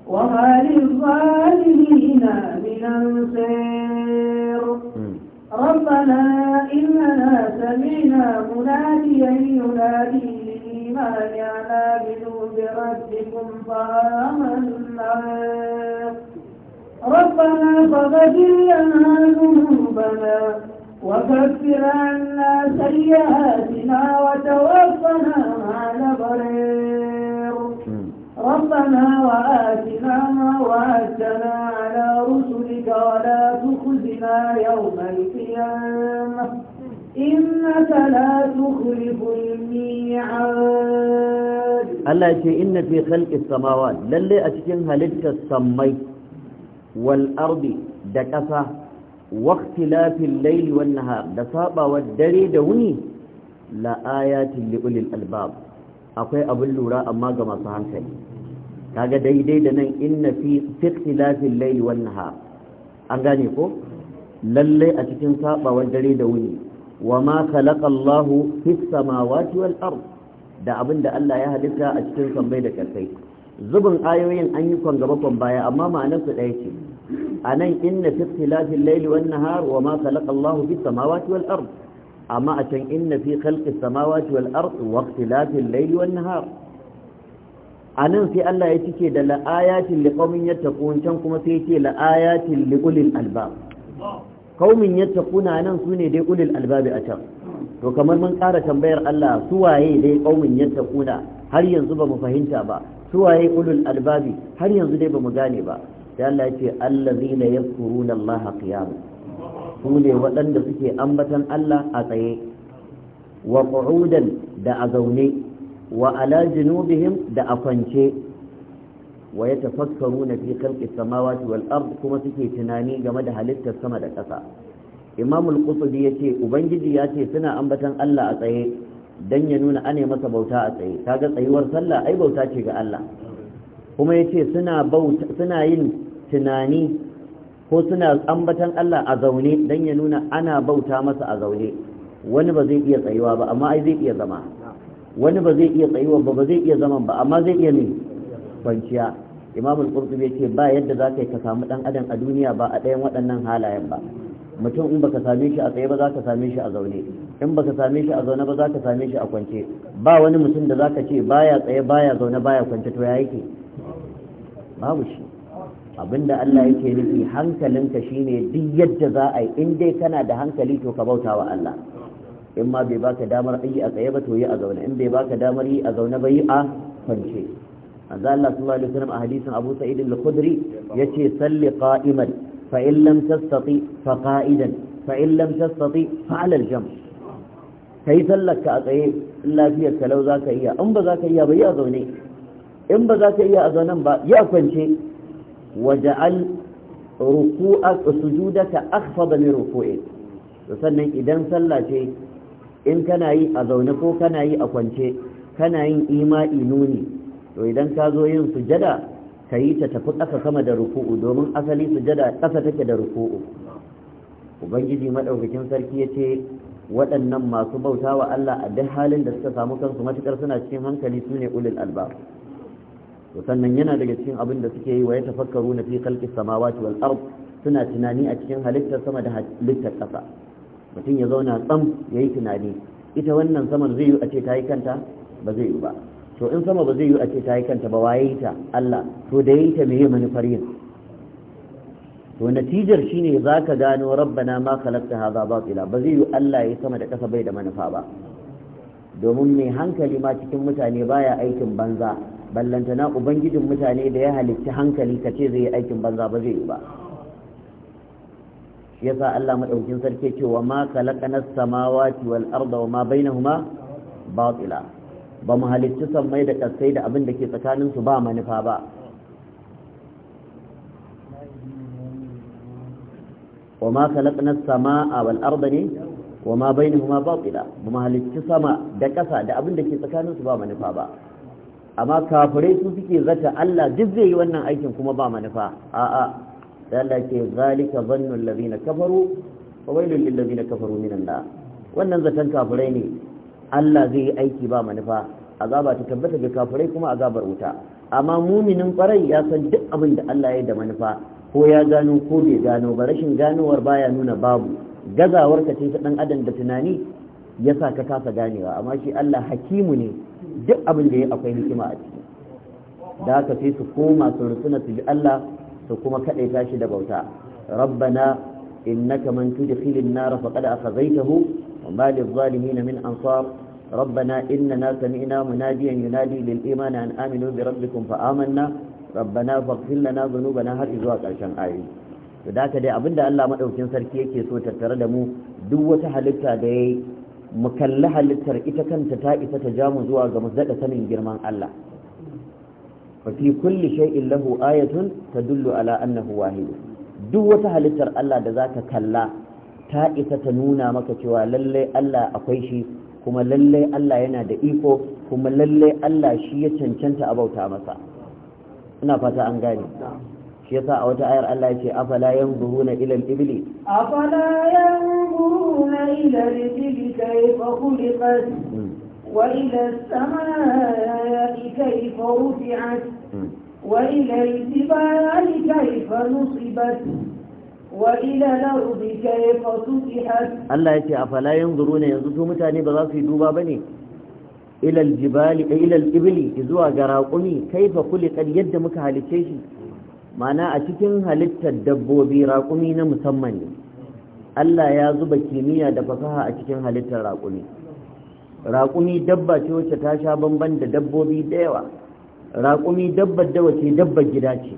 وما للظالمين من أنصير ربنا إننا سمعنا مناديا ينادي للإيمان على آمنوا ربكم فآمنا ربنا فغفر لنا ذنوبنا وكفر عنا سيئاتنا وتوفنا مع الأبرير ربنا وآتنا ما وعدتنا على رسلك ولا تخزنا يوم القيامة إنك لا تخلف الميعاد الله يقول إن في خلق السماوات للي أتكن هلتك السمي والأرض دكسة waqtilafil layli wan nahar da saɓawa dare da wuni la ayatin li ulil albab akwai abin lura amma ga masu hankali kaga daidai da nan inna fi ikhtilafil layli wan nahar an gane ko Lallai a cikin sabawa dare da wuni wa ma khalaqallahu fis samawati wal ard da abin da Allah ya halitta a cikin sambai da kasai zubin ayoyin an yi kwan gaba kwan baya amma ma'anarsu ɗaya ce A anan inna fi tilafin layli wan nahar wa ma khalaqa Allahu bis samawati wal ard amma a can inna fi khalqis samawati wal ard wa ikhtilafil layli wan nahar nan, sai Allah ya cike da la'ayatin liqaumin yattaqun can kuma sai yake la'ayatin liqulil albab qaumin yattaquna nan sune dai ulil albabi a can to kamar mun ƙara tambayar Allah su waye dai qaumin yattaquna har yanzu ba mu fahimta ba su waye ulul albabi har yanzu dai ba mu gane ba sai Allah ya ce allazina yadhkuruna kiyama su ne waɗanda suke ambatan Allah a tsaye wa da a zaune wa ala junubihim da a kwance wa na fi khalqis samawati wal ard kuma suke tunani game da halittar sama da ƙasa Imam al ya yace ubangiji ya ce suna ambatan Allah a tsaye dan ya nuna ane masa bauta a tsaye kaga tsayuwar sallah ai bauta ce ga Allah kuma yace suna bauta suna yin tunani ko suna ambatan Allah a zaune don ya nuna ana bauta masa a zaune wani ba zai iya tsayuwa ba amma ai zai iya zama wani ba zai iya tsayuwa ba ba zai iya zaman ba amma zai iya ne kwanciya imam al-qurtubi yace ba yadda za ka yi ka samu dan adam a duniya ba a ɗayan waɗannan halayen ba mutum in baka same shi a tsaye ba za ka same shi a zaune in baka same shi a zaune ba za ka same shi a kwance ba wani mutum da za ka ce baya tsaye baya zaune baya kwance to ya yake babu shi abinda Allah yake nufi hankalinka shine duk yadda za a yi in dai kana da hankali to ka bauta wa Allah in ma bai baka damar yi a tsaye ba to yi a zaune in bai baka damar yi a zaune ba yi a kwance manzo Allah sallallahu alaihi wasallam a hadisin Abu Sa'id al-Khudri yace salli qa'iman fa in lam tastati fa qa'idan fa in lam tastati fa 'ala al-jamb kai sallarka a tsaye in lafiyar ka lau zaka iya in ba zaka iya ba yi a zaune in ba zaka iya a zaune ba yi a kwance waja'al ruku'ak sujudaka akhfada min ruku'ik sannan idan sallah ce in kana yi a zaune ko kana yi a kwance kana yin ima'i nuni to idan ka zo yin sujada ka yi ta tafi ƙasa sama da ruku'u domin asali sujada ƙasa take da ruku'u ubangiji madaukakin sarki ya ce waɗannan masu bauta wa Allah a duk halin da suka samu kansu matukar suna cikin hankali su ne ulul albab to sannan yana daga cikin abin da suke yi wa ya tafakkaru na fi kalki samawati wal ard suna tunani a cikin halittar sama da halittar ƙasa mutum ya zauna tsam ya yi tunani ita wannan saman zai yi a ce ta yi kanta ba zai yi ba to in sama ba zai yi a ce ta yi kanta ba waye ta Allah to da yi ta me ya manufar yin to natijar shine ka gano rabbana ma khalaqta hadha batila ba zai yi Allah ya yi sama da ƙasa bai da manufa ba domin mai hankali ma cikin mutane baya aikin banza ballantana ubangijin mutane da ya halicci hankali ka ce zai yi aikin banza ba zai yi ba Ya sa Allah maɗaukin sarki cewa ma khalaqana samawati wal arda wa ma bainahuma batila ba mu halicci sammai da kasai da abin da ke tsakanin su ba manufa ba wa ma khalaqna samaa wal arda ne wa ma bainahuma batila ba mu halicci sama da ƙasa da abin da ke tsakanin su ba manufa ba amma kafirai su suke zata Allah duk zai yi wannan aikin kuma ba manufa a'a da Allah ke zalika zannul ladina kafaru wa lil kafaru minan wannan zaton kafirai ne Allah zai yi aiki ba manufa azaba ta tabbata ga kafirai kuma azabar wuta amma muminin kwarai ya san duk abin da Allah ya yi da manufa ko ya gano ko bai gano ba rashin ganowar baya nuna babu gazawar ka ce ta dan adam da tunani yasa ka kasa ganewa amma shi Allah hakimu ne duk abin da ya akwai hikima a ciki da su koma su su bi Allah su kuma kaɗaita shi da bauta rabbana innaka man tudkhil an-nar faqad akhazaytahu wa ma lil-zalimin min ansar ربنا إننا سمعنا مناديا ينادي للإيمان أن آمنوا بربكم فآمنا ربنا فاغفر لنا ذنوبنا هل إذوا قرشان آيين da haka dai abinda Allah maɗaukin sarki yake so tattare da mu duk wata halitta da yayi mu kalli halittar ita kanta ta isa ta jamu zuwa ga mu daɗa sanin girman Allah fa fi kulli shay'in lahu ayatun tadullu ala annahu wahid duk wata halittar Allah da zaka kalla ta isa ta nuna maka cewa lalle Allah akwai shi kuma lalle Allah yana da iko kuma lalle Allah shi ya cancanta a bauta masa ina fata an gane shi yasa a wata ayar Allah ya ce afala yanzuruna ila al-ibli afala ينظرون إلى الجب كيف خلقت وإلى السماء كيف رفعت وإلى الجبال كيف نصبت Allah ya ce a fala yin zuru ne yanzu to mutane ba za su yi duba ba ne, ilal jibali, ilal ibili, zuwa ga raƙumi, kai fa kuli ƙar yadda muka halitce shi, mana a cikin halittar dabbobi raƙumi na musamman ne, Allah ya zuba kimiyya da fasaha a cikin halittar raƙumi raƙumi dabba ce wacce ta sha bamban da dabbobi da yawa raƙumi dabbar da wace dabbar gida ce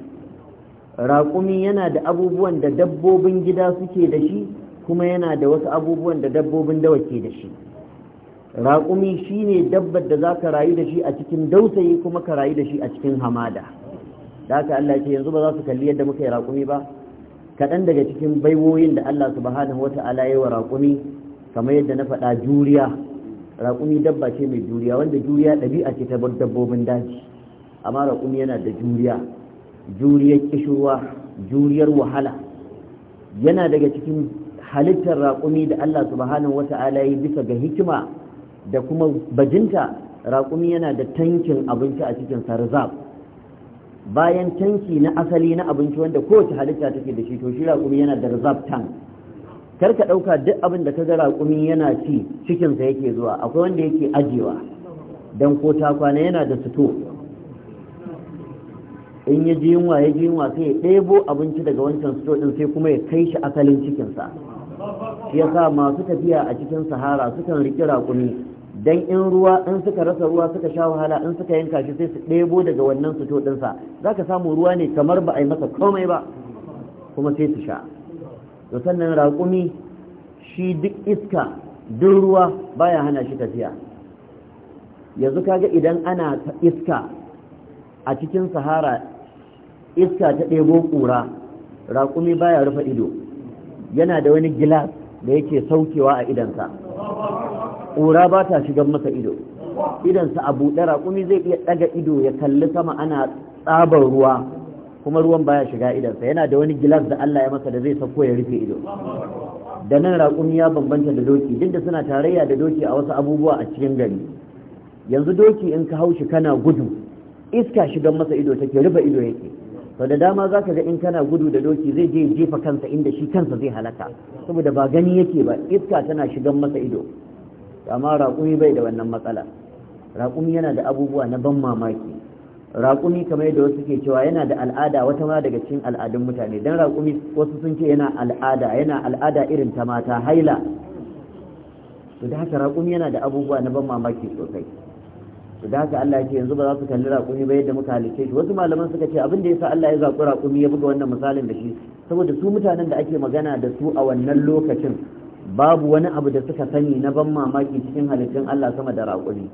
raƙumi yana da abubuwan da dabbobin gida suke da shi kuma yana da wasu abubuwan da dabbobin dawa ke da shi raƙumi shine dabbar da za ka rayu da shi a cikin dausayi kuma ka rayu da shi a cikin hamada da haka Allah ce yanzu ba za su kalli yadda muka yi raƙumi ba kaɗan daga cikin baiwoyin da Allah subhanahu wa ta'ala ya wa raƙumi kamar yadda na faɗa juriya raƙumi dabba ce mai juriya wanda juriya ɗabi'a ce ta bar dabbobin daji amma raƙumi yana da juriya juriyar kishirwa juriyar wahala yana daga cikin halittar raƙumi da Allah subhanahu wa ta'ala ya bisa ga hikima da kuma bajinta raƙumi yana da tankin abinci a cikin sarzab bayan tanki na asali na abinci wanda kowace halitta take da shi to shi raƙumi yana da reserve tank kar ka ɗauka duk abin da ka ga raƙumi yana ci cikinsa yake zuwa akwai wanda yake ajiyewa Dan ko ta kwana yana da sito in ya ji yunwa ya ji yunwa sai ya ɗebo abinci daga wancan sito ɗin sai kuma ya kai shi asalin cikinsa shi yasa masu tafiya a cikin sahara sukan riƙi raƙumi dan in ruwa in suka rasa ruwa suka sha wahala in suka yanka shi sai su ɗebo daga wannan su ɗinsa za ka samu ruwa ne kamar ba a yi masa komai ba kuma sai su sha to sannan raƙumi shi duk iska duk ruwa baya hana shi tafiya yanzu kaga idan ana iska a cikin sahara iska ta ɗebo ƙura raƙumi baya rufe ido yana da wani gilas da yake saukewa a idansa ƙura ba ta shigan masa ido Idonsa a buɗe raƙumi zai iya ɗaga ido ya kalli sama ana tsabar ruwa kuma ruwan baya shiga idonsa. yana da wani gilas da Allah ya masa da zai sako ya rufe ido da nan raƙumi ya bambanta da doki duk da suna tarayya da doki a wasu abubuwa a cikin gari yanzu doki in ka haushi kana gudu iska shigan masa ido take rufe ido yake to da dama za ka ga in kana gudu da doki zai je jefa kansa inda shi kansa zai halaka saboda ba gani yake ba iska tana shigan masa ido amma raƙumi bai da wannan matsala raƙumi yana da abubuwa na ban mamaki raƙumi kamar yadda wasu ke cewa yana da al'ada wata ma daga cikin al'adun mutane don raƙumi wasu sun ce yana al'ada yana al'ada irin ta mata haila to da haka raƙumi yana da abubuwa na ban mamaki sosai to da haka Allah ce yanzu ba za su kalli raƙumi ba yadda muka halice shi wasu malaman suka ce abin da yasa Allah ya zaɓi raƙumi ya buga wannan misalin da shi saboda su mutanen da ake magana da su a wannan lokacin babu wani abu da suka sani na ban mamaki cikin halittun Allah sama da raƙuri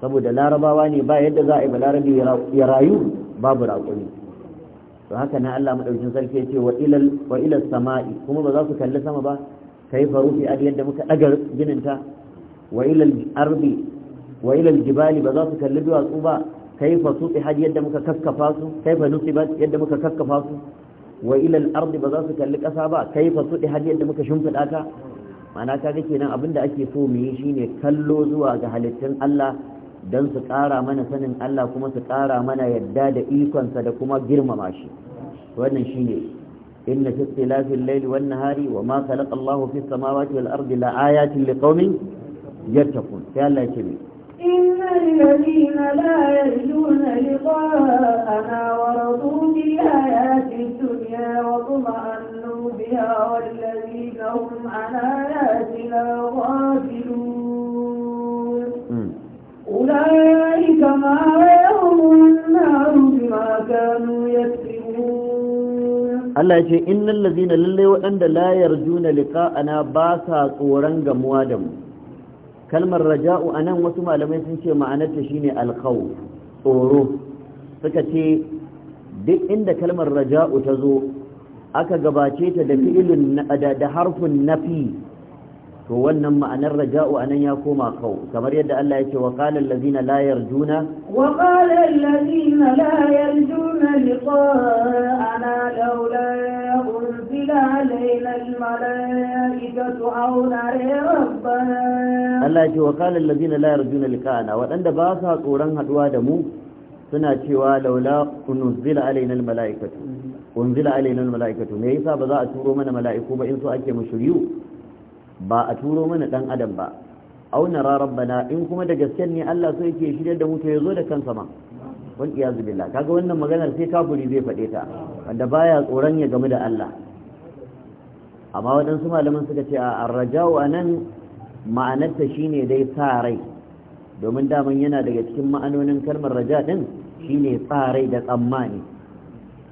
saboda larabawa ne ba yadda za a yi balarabi ya rayu babu raƙuri to haka na Allah madaukin sarki ya ce wa ilal sama'i kuma ba za su kalli sama ba kai farufi a yadda muka daga gininta wa ilal ardi wa ilal jibali ba za su kalli duwatsu ba kai fa suti hadi yadda muka kakkafa su kai fa nusibat yadda muka kakkafa su wa ilal ardi ba za su kalli ƙasa ba kai fa su har yadda muka shimfiɗa ka? ma'ana kaga kenan abinda ake so mu yi shine kallo zuwa ga halittun Allah dan su ƙara mana sanin Allah kuma su ƙara mana yadda da ikonsa da kuma girmama shi wannan shine inna fi ikhtilafil layli wan nahari wa ma khalaqa Allahu fis samawati wal ardi la ayatin liqaumin yattaqun sai Allah ya ce الذين لا يرجون لقاءنا ورضوا بالحياة الدنيا واطمأنوا بها والذين هم عن آياتنا غافلون أولئك معهم النار بما كانوا يكسبون الله يقول إن الذين للي وأن لا يرجون لقاءنا باسا قورا جموادهم kalmar raja'u a nan wasu malamai sun ce ma'anarta shine alkawu tsoro suka ce duk inda kalmar raja'u ta zo aka gabace ta da da harfin nafi to wannan ma'anar raja'u anan ya koma kau kamar yadda Allah yake wa qala allazina la yarjuna wa qala allazina la yarjuna liqa'ana laula unzila almalaikatu aw nara rabbana Allah wa qala allazina la yarjuna liqa'ana wadanda ba sa tsoron haduwa da mu suna cewa laula unzila alaina almalaikatu mm-hmm. unzila almalaikatu me yasa ba za a turo mana mala'iku ba in so ake mu shiryu ba a turo mana ɗan adam ba auna nara bana, in kuma da gasken ne Allah so yake shidar da mu to yazo da kansa ma wal iyaz billah kaga wannan maganar sai kafuri zai faɗe ta wanda baya tsoron ya gamu da Allah amma waɗansu malaman suka ce a arrajau anan ma'anarta shine dai sa rai domin daman yana daga cikin ma'anonin kalmar raja din shine sa rai da tsammani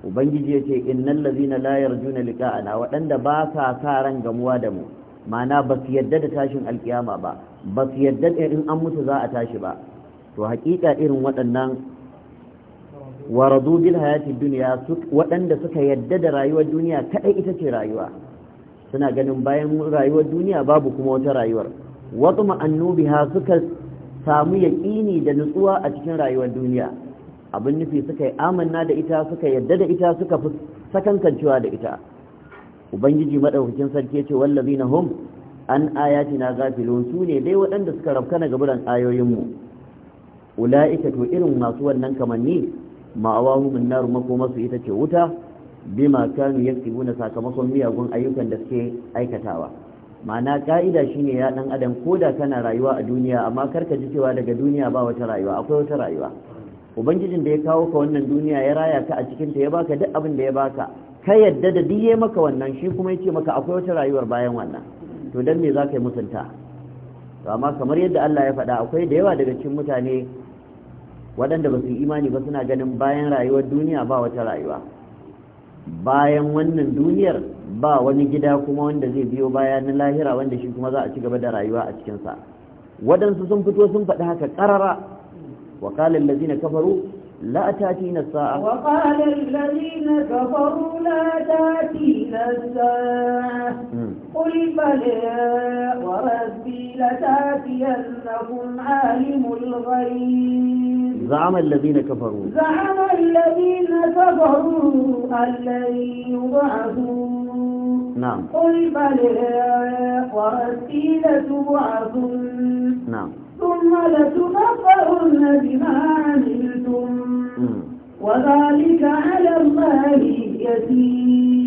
ubangiji yace innal ladzina la yarjuna liqa'ana waɗanda ba sa sa ran gamuwa da mu ma'ana ba su yadda da tashin alkiyama ba ba su yadda da irin an mutu za a tashi ba to haƙiƙa irin waɗannan waradubin bil duniya waɗanda suka yadda da rayuwar duniya kaɗai ita ce rayuwa suna ganin bayan rayuwar duniya babu kuma wata rayuwar wasu ma'annu suka samu yaƙini da nutsuwa a cikin rayuwar duniya abin nufi suka yi amanna da ita suka yadda da ita suka fi sakankancewa da ita ubangiji madaukakin sarki yace na hum an na gafilun su ne dai waɗanda suka na gaburan ayoyinmu ula'ika to irin masu wannan kamanni ma'awahu min nar masu ita ce wuta bima kanu yaktibuna sakamakon miyagun ayyukan da suke aikatawa ma'ana ka'ida shine ya dan adam koda kana rayuwa a duniya amma karka ji cewa daga duniya ba wata rayuwa akwai wata rayuwa ubangijin da ya kawo ka wannan duniya ya raya ka a cikin ta ya baka duk abin da ya baka ka yadda da diye maka wannan shi kuma yace maka akwai wata rayuwar bayan wannan to dan me za ka yi mutunta to amma kamar yadda Allah ya faɗa akwai da yawa daga cikin mutane waɗanda ba su imani ba suna ganin bayan rayuwar duniya ba wata rayuwa bayan wannan duniyar ba wani gida kuma wanda zai biyo baya na lahira wanda shi kuma za a ci gaba da rayuwa a cikinsa waɗansu sun fito sun faɗi haka ƙarara wa kalin lazina kafaru لا تأتينا الساعة وقال الذين كفروا لا تأتينا الساعة قل بلى وربي لتأتينكم عالم الغيب زعم الذين كفروا زعم الذين كفروا أن يبعثوا نعم قل بلى وربي لتبعثن نعم ثم لتنبؤن بما عملتم وذلك على الله يسير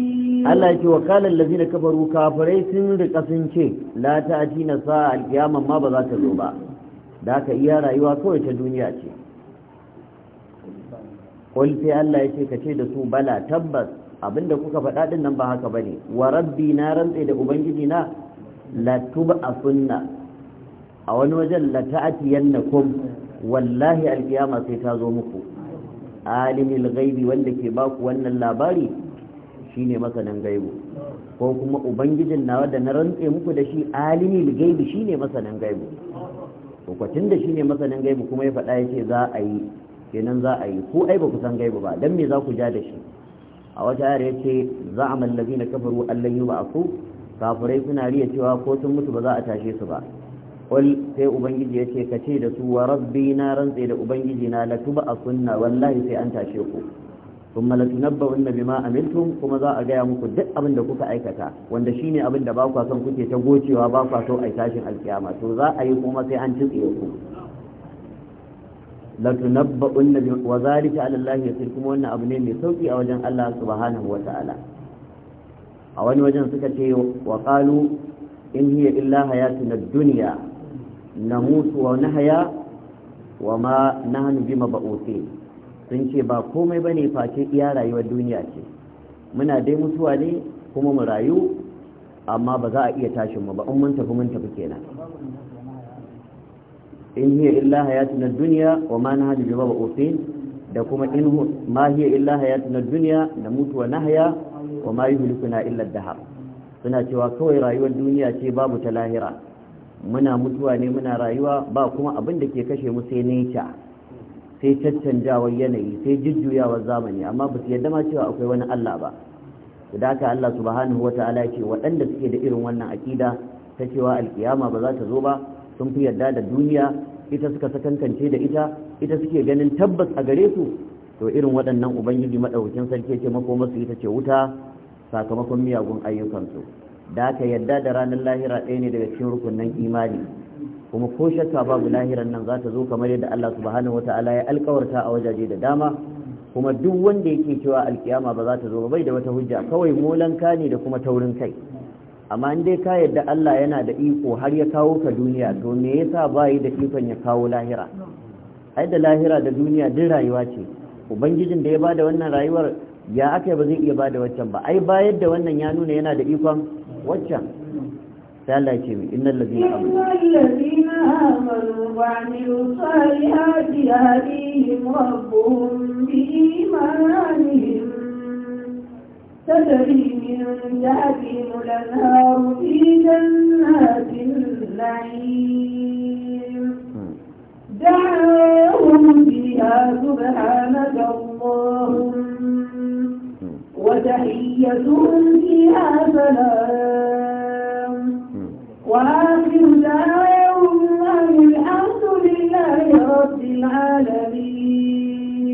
Allah ce wa kalan lazi da kafaru kafirai sun rika sun ce la ta ji na sa ma ba za ta zo ba da aka iya rayuwa kawai ta duniya ce Qul sai Allah ya ce ka ce da su bala tabbas abinda kuka faɗa din nan ba haka bane wa rabbi na rantse da ubangiji na la tub'a sunna a wani wajen la ta'tiyannakum wallahi alkiyama sai ta zo muku alimul ghaibi wanda ke baku wannan labari shine masanin gaibu ko kuma ubangijin nawa da na rantse muku da shi alimul gaibi shine masanin gaibu lokacin da shine masanin gaibu kuma ya faɗa yace za a yi kenan za a yi ko ai ba ku san gaibu ba dan me za ku ja da shi a wata yare yace za'amal ladina kafaru allan yub'athu kafirai suna riya cewa ko sun mutu ba za a tashe su ba qul sai ubangiji yace ka ce da su wa rabbi na rantse da ubangiji na la tuba asunna wallahi sai an tashe ku kuma la tunabba'unna ma amiltum kuma za a gaya muku duk abin da kuka aikata wanda shine abin da ba kwa son kuke ta gocewa ba kwa so ai tashin alkiyama to za a yi kuma sai an tsiye ku la tunabba'unna wa zalika ala Allah yasir kuma wannan abu ne mai sauki a wajen Allah subhanahu wa ta'ala a wani wajen suka ce wa qalu in hiya illa hayatuna dunya namutu wa nahya wa ma nahnu bima ba'uthin sun ce ba komai bane face iya rayuwar duniya ce muna dai mutuwa ne kuma mu rayu amma ba za a iya tashin mu ba in mun tafi mun tafi kenan in hiya illa hayatuna dunya wa ma nahnu bima ba'uthin da kuma in ma hiya illa hayatuna dunya namutu wa nahya wa ma yuhlikuna illa ad-dahar suna cewa kawai rayuwar duniya ce babu ta lahira muna mutuwa ne muna rayuwa ba kuma abin da ke kashe mu sai nature sai caccanjawar yanayi sai jujjuyawar zamani amma ba su yadda ma cewa akwai wani Allah ba da haka Allah subhanahu wataala ce waɗanda suke da irin wannan akida ta cewa alkiyama ba za ta zo ba sun fi yarda da duniya ita suka sakankance da ita ita suke ganin tabbas a gare su to irin waɗannan ubangiji madaukakin sarki ce masu ita ce wuta sakamakon miyagun ayyukansu da aka yadda da ranar lahira ɗaya ne daga cikin rukunin imani kuma ko shakka babu lahiran nan za ta zo kamar yadda Allah subhanahu wata'ala ya alkawarta a wajaje da dama kuma duk wanda yake cewa alkiyama ba za ta zo ba bai da wata hujja kawai molanka ne da kuma taurin kai amma in dai ka yadda Allah yana da iko har ya kawo ka duniya to me yasa yi da ikon ya kawo lahira ai da lahira da duniya duk rayuwa ce ubangijin da ya bada wannan rayuwar ya aka ba zai iya bada wancan ba ai bayar da wannan ya nuna yana da ikon waccan sai Allah ce mai innal ladina amanu innal ladina amanu wa amilus salihati yahdihim rabbuhum bi imanihim تجري من تحتهم الأنهار في جنات النعيم دعاهم فيها سبحانك اللهم وتحيتهم فيها سلام وآخر دعواهم أن الحمد لله رب العالمين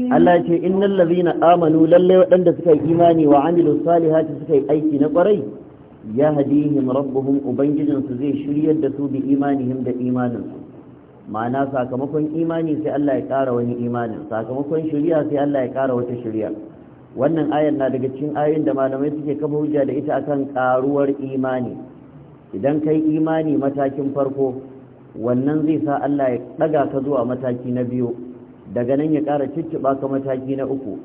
Allah ya ce innal ladhina amanu lalle waɗanda suka yi imani wa amilu salihati suka yi aiki na kwarai? ya hadihim rabbuhum ubangijinsu zai shiryar da su bi imanihim da imaninsu ma'ana sakamakon imani sai Allah ya ƙara wani imanin sakamakon shirya sai Allah ya ƙara wata shirya wannan ayar na daga cikin ayoyin da malamai suke kafa hujja da ita akan karuwar imani idan kai imani matakin farko wannan zai sa Allah ya daga ka zuwa mataki na biyu daga nan ya ƙara cicciɓa ka mataki na uku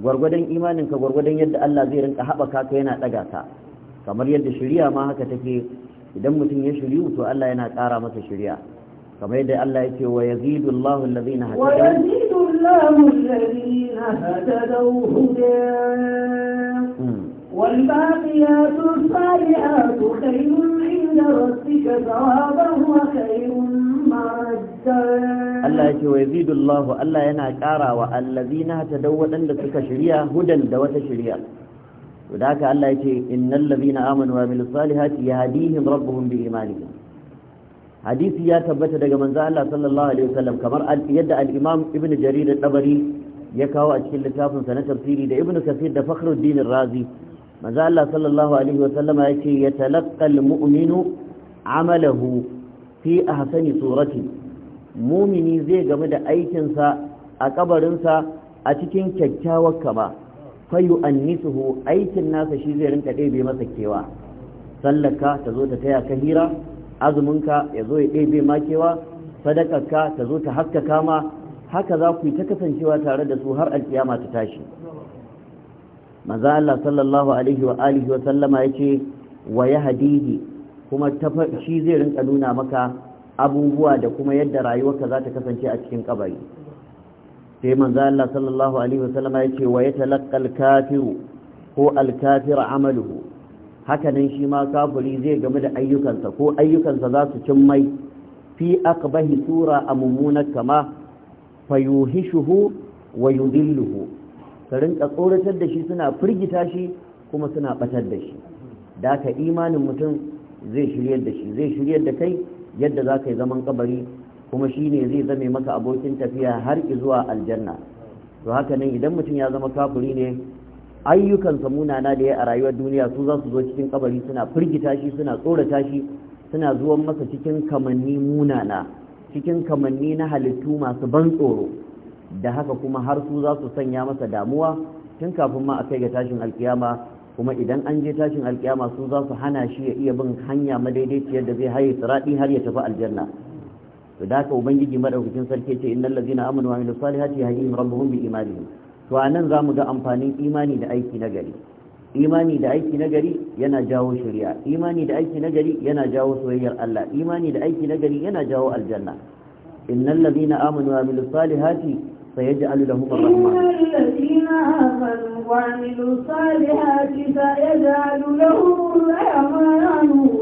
gwargwadon ka gwargwadon yadda Allah zai rinka haɓaka ka yana daga ka kamar yadda shari'a ma haka take idan mutum ya shiryu to Allah yana ƙara masa shari'a kamar yadda Allah ya ce wa yazidu Allahu allazina hadadu wa yazidu Allahu allazina hadadu hudan والباقيات الصالحات خير عند ربك ثوابا وخير مردا Allah ya ce wa yazidu allahu Allah yana karawa wa allazina tadaw waɗanda suka shirya hudan da wata shirya to da haka Allah ya ce innal ladina amanu wa amilus salihati yahdihim rabbuhum bi imanihim hadisi ya tabbata daga manzo Allah sallallahu alaihi wasallam kamar yadda al-Imam Ibn Jarir al-Tabari ya kawo a cikin littafin sa na tafsiri da Ibn Kathir da Fakhruddin al-Razi manzo Allah sallallahu alaihi wasallam ya ce yatalaqqa al-mu'minu amalahu fi ahsani surati mumini zai game da aikin sa a kabarin sa a cikin kyakkyawar kama fayu annisuhu aikin nasa shi zai rinka ɗebe masa kewa sallaka ta zo ta taya ka hira azuminka ya zo ya ɗebe makewa sadakarka ta zo ta haskaka ma haka za ku yi ta kasancewa tare da su har alƙiyama ta tashi manzo Allah sallallahu alaihi wa alihi wa sallama yace wa yahdihi kuma shi zai rinka nuna maka abubuwa da kuma yadda rayuwarka za ta kasance a cikin kabari sai manzo Allah sallallahu alaihi wa sallama yace wa yatalaqqa kafiru ko al amaluhu hakanan shi ma kafiri zai game da ayyukansa ko ayyukansa za su cin mai fi akbahi sura a mummunar kama fayuhishuhu wa yudilluhu ka rinka tsoratar da shi suna firgita shi kuma suna batar da shi da ka imanin mutum zai shiryar da shi zai shiryar da kai yadda za ka yi zaman kabari kuma shi ne zai zame maka abokin tafiya har zuwa aljanna to haka nan idan mutum ya zama kafuri ne ayyukansa munana da ya a rayuwar duniya su za su zo cikin kabari suna firgita shi suna tsorata shi suna zuwan masa cikin kamanni munana cikin kamanni na halittu masu ban tsoro da haka kuma har su za su sanya masa damuwa tun kafin ma a kai ga tashin alkiyama kuma idan an je tashin alkiyama su za su hana shi ya iya bin hanya madaidaiciyar da zai haye siradi har ya tafi aljanna to da haka ubangiji madaukakin sarki ce innal ladzina amanu wa amilus salihati yahdihim rabbuhum bi imanihim to a nan za mu ga amfanin imani da aiki na gari imani da aiki na gari yana jawo shari'a imani da aiki na gari yana jawo soyayyar Allah imani da aiki na gari yana jawo aljanna innal ladina amanu wa amilus salihati sayaj'alu lahum rahman innal ladina amanu wa amilus salihati sayaj'alu lahum ar-rahman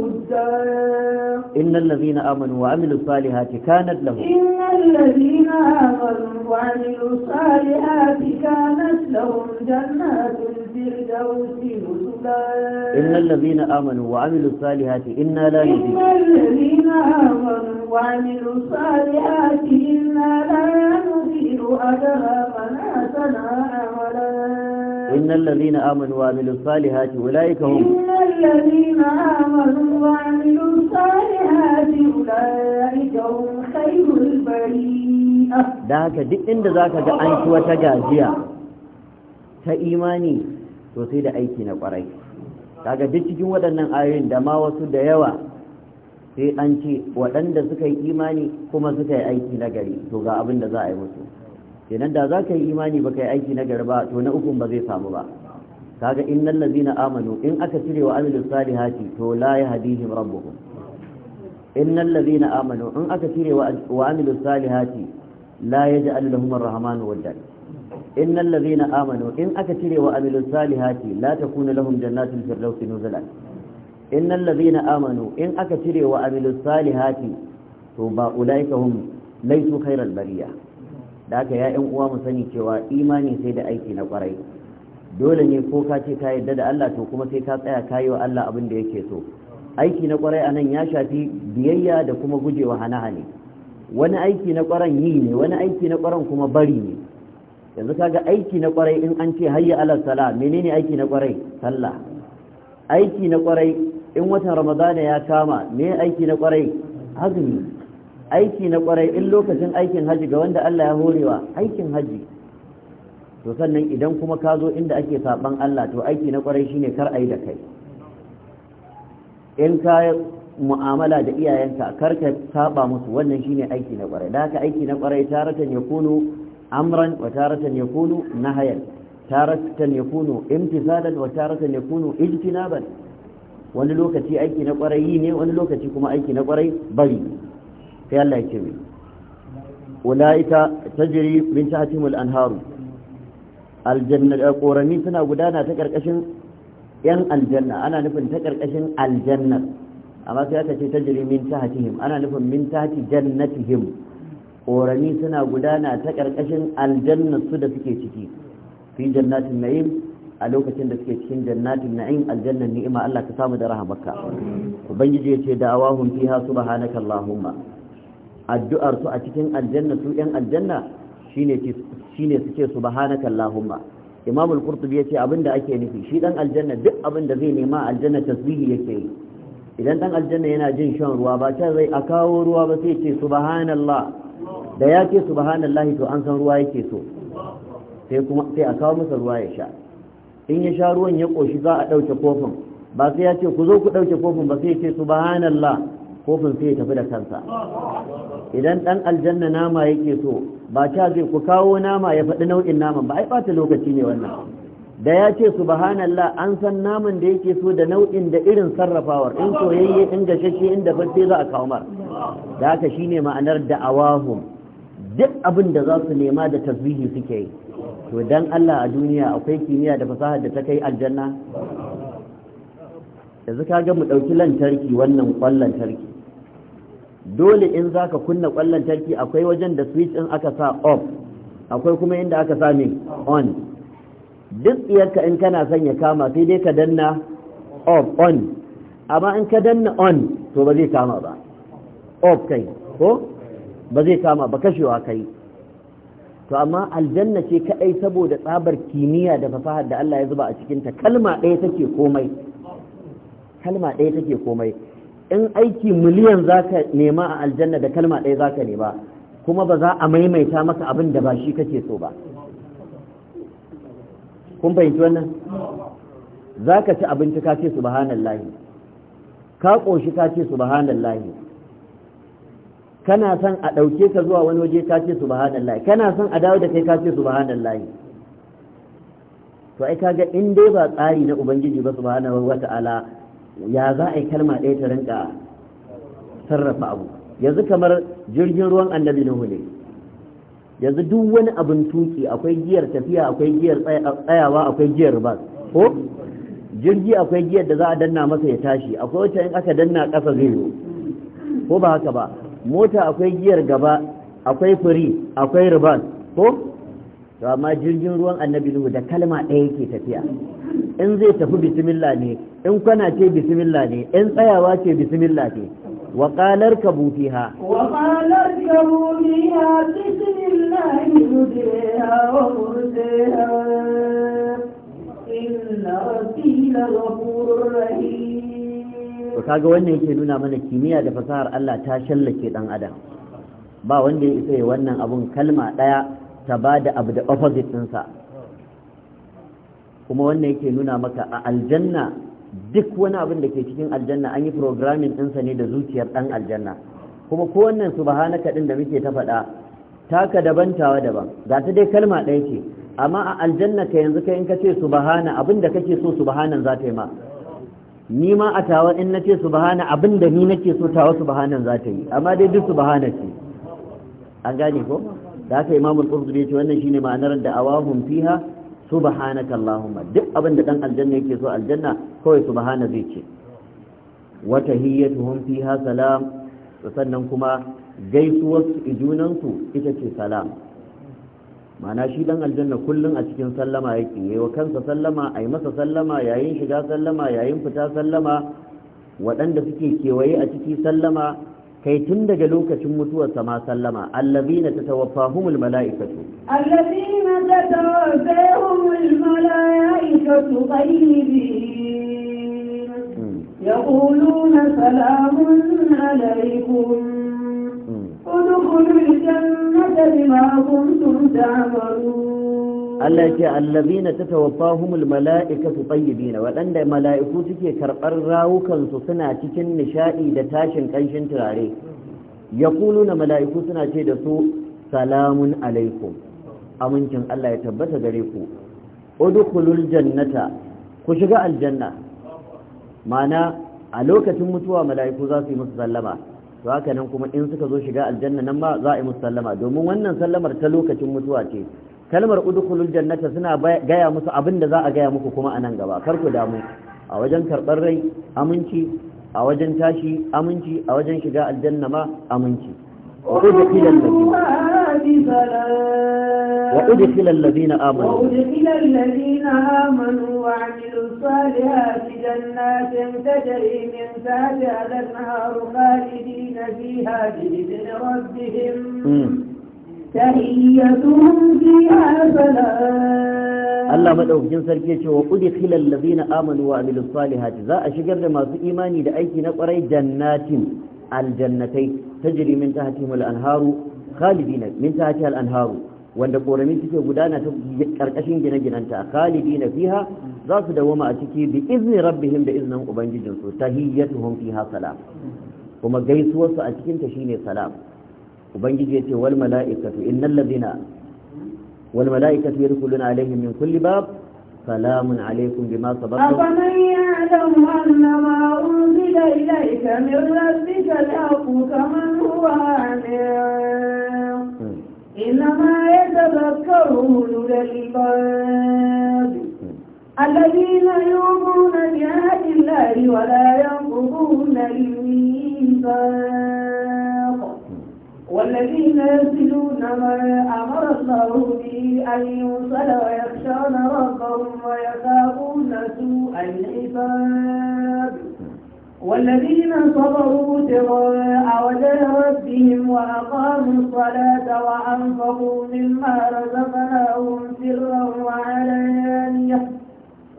إن الذين آمنوا وعملوا الصالحات كانت لهم إن الذين آمنوا وعملوا الصالحات كانت لهم جنات الفردوس نزلا إن الذين آمنوا وعملوا الصالحات إنا لا نضيع إن الذين آمنوا وعملوا الصالحات إنا لا نضيع أجر من أحسن عملا إن الذين آمنوا وعملوا الصالحات أولئك هم إن الذين آمنوا وعملوا الصالحات أولئك هم خير البريئة da haka duk inda za ka ga an ci wata gajiya ta imani sosai da aiki na kwarai kaga duk cikin waɗannan ayoyin da ma wasu da yawa sai an ce waɗanda suka yi imani kuma suka yi aiki na gari to ga abin da za a yi musu kenan da za ka yi imani ba ka yi aiki na Garba, to na ukun ba zai samu ba kaga innal ladina amanu in aka cire wa amilus salihati to la yahdihim rabbuhum innal ladina amanu in aka cire wa amilus salihati la yaj'al lahum ar-rahmanu waddan innal ladina amanu in aka cire wa amilus salihati la takuna lahum jannatul firdausi nuzulan innal ladina amanu in aka cire wa amilus salihati to ba ulaika hum laysu khairal bariyah da aka ya uwa mu sani cewa imani sai da aiki na kwarai dole ne ko ka ce ka yadda da Allah to kuma sai ka tsaya ka yi wa Allah abin da yake so aiki na kwarai a nan ya shafi biyayya da kuma gujewa hane-hane wani aiki na kwaran yi ne wani aiki na kwaran kuma bari ne yanzu kaga aiki na kwarai in an ce hayya ala sala menene aiki na kwarai sallah aiki na kwarai in watan ramadana ya kama me aiki na kwarai azumi aiki na kwarai in lokacin aikin haji ga wanda Allah ya horewa aikin haji to sannan idan kuma ka zo inda ake saban Allah to aiki na kwarai shine kar ai da kai in ka mu'amala da iyayenka kar ka saba musu wannan shine aiki na kwarai da haka aiki na kwarai taratan kunu amran wa taratan kunu nahayan taratan kunu imtisalan wa taratan kunu ijtinaban wani lokaci aiki na kwarai ne wani lokaci kuma aiki na kwarai bari sai Allah ya ce mai ula'ika tajri min al anharu aljanna korami eh, suna gudana ta karkashin yan aljanna ana nufin ta karkashin aljanna amma sai aka ce Tajiri min tahtihim ana nufin min tahti jannatihim korami suna gudana ta karkashin aljanna su da suke ciki fi jannatin na'im a lokacin da suke cikin jannatin na'im aljannan ni'ima Allah ta samu da rahamarka ubangiji ya ce da'awahum fiha subhanakallahumma addu'ar su a cikin aljanna su yan aljanna shine shine suke subhanaka allahumma imam al-qurtubi yace abinda ake nufi shi dan aljanna duk abinda zai nema aljanna tasbihi yake yi idan dan aljanna yana jin shan ruwa ba ta zai a kawo ruwa ba sai ce subhanallah da ya ce subhanallah to an san ruwa yake so sai kuma sai a kawo masa ruwa ya sha in ya sha ruwan ya koshi za a dauke kofin ba sai ya ce ku zo ku dauke kofin ba sai ya ce subhanallah kofin sai ya tafi da kansa idan dan aljanna nama yake so ba ta zai ku kawo nama ya faɗi nau'in naman ba ai ɓata lokaci ne wannan da ya ce subhanallah an san naman da yake so da nau'in da irin sarrafawar in soyayye in gashashe in da za a kawo mar da haka shine ma'anar Awahum. duk abin da za su nema da tasbihi suke yi to dan Allah a duniya akwai kimiyya da fasahar da ta kai aljanna yanzu ga mu ɗauki lantarki wannan kwan lantarki dole in za ka kunna ƙwallon tarki akwai wajen da switch in aka sa off akwai kuma inda aka sa min on duk tsiyarka in kana son ya kama sai dai ka danna off on amma in ka danna on to ba zai kama ba off kai ko ba zai kama ba kashewa kai to amma aljanna ce kaɗai saboda tsabar kimiyya da fasahar da Allah ya zuba a cikinta kalma ɗaya take komai kalma ɗaya take komai in aiki miliyan za ka nema a aljanna da kalma ɗaya za ka nema kuma ba za a maimaita maka abin da ba shi kake so ba kun fahimci wannan za ka ci abinci ka ce subhanallahi ka ƙoshi ka ce subhanallahi kana son a ɗauke ka zuwa wani waje ka ce subhanallahi kana son a dawo da kai ka ce subhanallahi to ai kaga in dai ba tsari na ubangiji ba subhanahu wata'ala ya za a yi kalma ɗaya ta rinka sarrafa abu yanzu kamar jirgin ruwan annabi nuhu ne yanzu duk wani abin tuki akwai giyar tafiya akwai giyar tsayawa akwai giyar ba ko jirgi akwai giyar da za a danna masa ya tashi akwai wata in aka danna ƙasa zai yi ko ba haka ba mota akwai giyar gaba akwai firi akwai ribas ko to amma jirgin ruwan annabi nuhu da kalma ɗaya yake tafiya in zai tafi bismillah ne in kwana ce bismillah ne in tsayawa ce bismillah ne wa qalar kabutiha wa qalar kabutiha bismillah yudriha wa murdiha inna rabbi ghafurur rahim to kaga wannan yake nuna mana kimiyya da fasahar Allah ta shallake dan adam ba wanda ya isa wannan abun kalma ɗaya ta ba da abu da opposite ɗinsa kuma wannan yake nuna maka a aljanna duk wani abin da ke cikin aljanna an yi programming ɗinsa ne da zuciyar ɗan aljanna kuma ko wannan bahanaka ɗin da muke ta faɗa taka daban tawa daban ga ta dai kalma ɗaya ce amma a aljanna ka yanzu ka in ka ce subhana abin da kake so subhanan za ta yi ma ni ma a tawa in na ce subhana abin da ni nake so tawa subhanan za ta yi amma dai duk subhana ce an gane ko da haka imamul qurtubi ce wannan shine ma'anar da awahum fiha subhanaka allahumma duk abin da dan aljanna yake so aljanna kawai subhana zai ce wata tahiyyatuhum fiha salam sannan kuma gaisuwar su ijunan su ita ce salam ma'ana shi dan aljanna kullun a cikin sallama yake yayi wa kansa sallama ayi masa sallama yayin shiga sallama yayin fita sallama waɗanda suke kewaye a ciki sallama kai tun daga lokacin mutuwarsa ma sallama ta allazina humul malaikatu allazina tatawaffahumul malaikatu tayyibin hmm. na salamun alaykum hmm. udkhulul jannata bima kuntum damaru. Allah ya ce allazina tatawaffahumul mala'ikatu tayyibin waɗanda mala'iku suke karɓar rawukan su suna cikin nishadi da tashin kanshin turare yaquluna mala'iku suna ce da su salamun alaikum amincin Allah ya tabbata gare ku udkhulul jannata ku shiga aljanna mana a lokacin mutuwa mala'iku za su yi musu sallama to haka nan kuma in suka zo shiga aljanna nan ma za a yi musu sallama domin wannan sallamar ta lokacin mutuwa ce kalmar udkhulul jannata suna gaya musu abin da za a gaya muku kuma a nan gaba kar ku damu a wajen karɓar rai aminci a wajen tashi aminci a wajen shiga aljanna ma aminci وأدخل الذين آمنوا وأدخل الذين آمنوا وعملوا الصالحات جنات تجري من تحتها الأنهار خالدين فيها بإذن ربهم تحيتهم فيها Allah madaukakin sarki ce wa qudi khilal ladina amanu wa amilus salihati za a shigar da masu imani da aiki na kwarai jannatin aljannatai tajri min tahtihim al min al-anharu wanda ƙorami suke gudana ta karkashin gine-ginanta na fiha za su dawoma a ciki bi izni rabbihim da iznin ubangijinsu tahiyyatuhum fiha salam kuma gaisuwarsu a cikin ta shine salam وبنجي يتي والملائكة إن الذين والملائكة يدخلون عليهم من كل باب سلام عليكم بما صبرتم أفمن يعلم أن ما أنزل إليك من ربك الحق كمن هو عمير إنما يتذكر أولو الألباب الذين يؤمنون بآيات الله ولا ينقضون الميثاق والذين ينزلون ما أمر الله به أن يوصل ويخشون ربهم ويخافون سوء العباد والذين صبروا ابتغاء وجه ربهم وأقاموا الصلاة وأنفقوا مما رزقناهم سرا وعلانية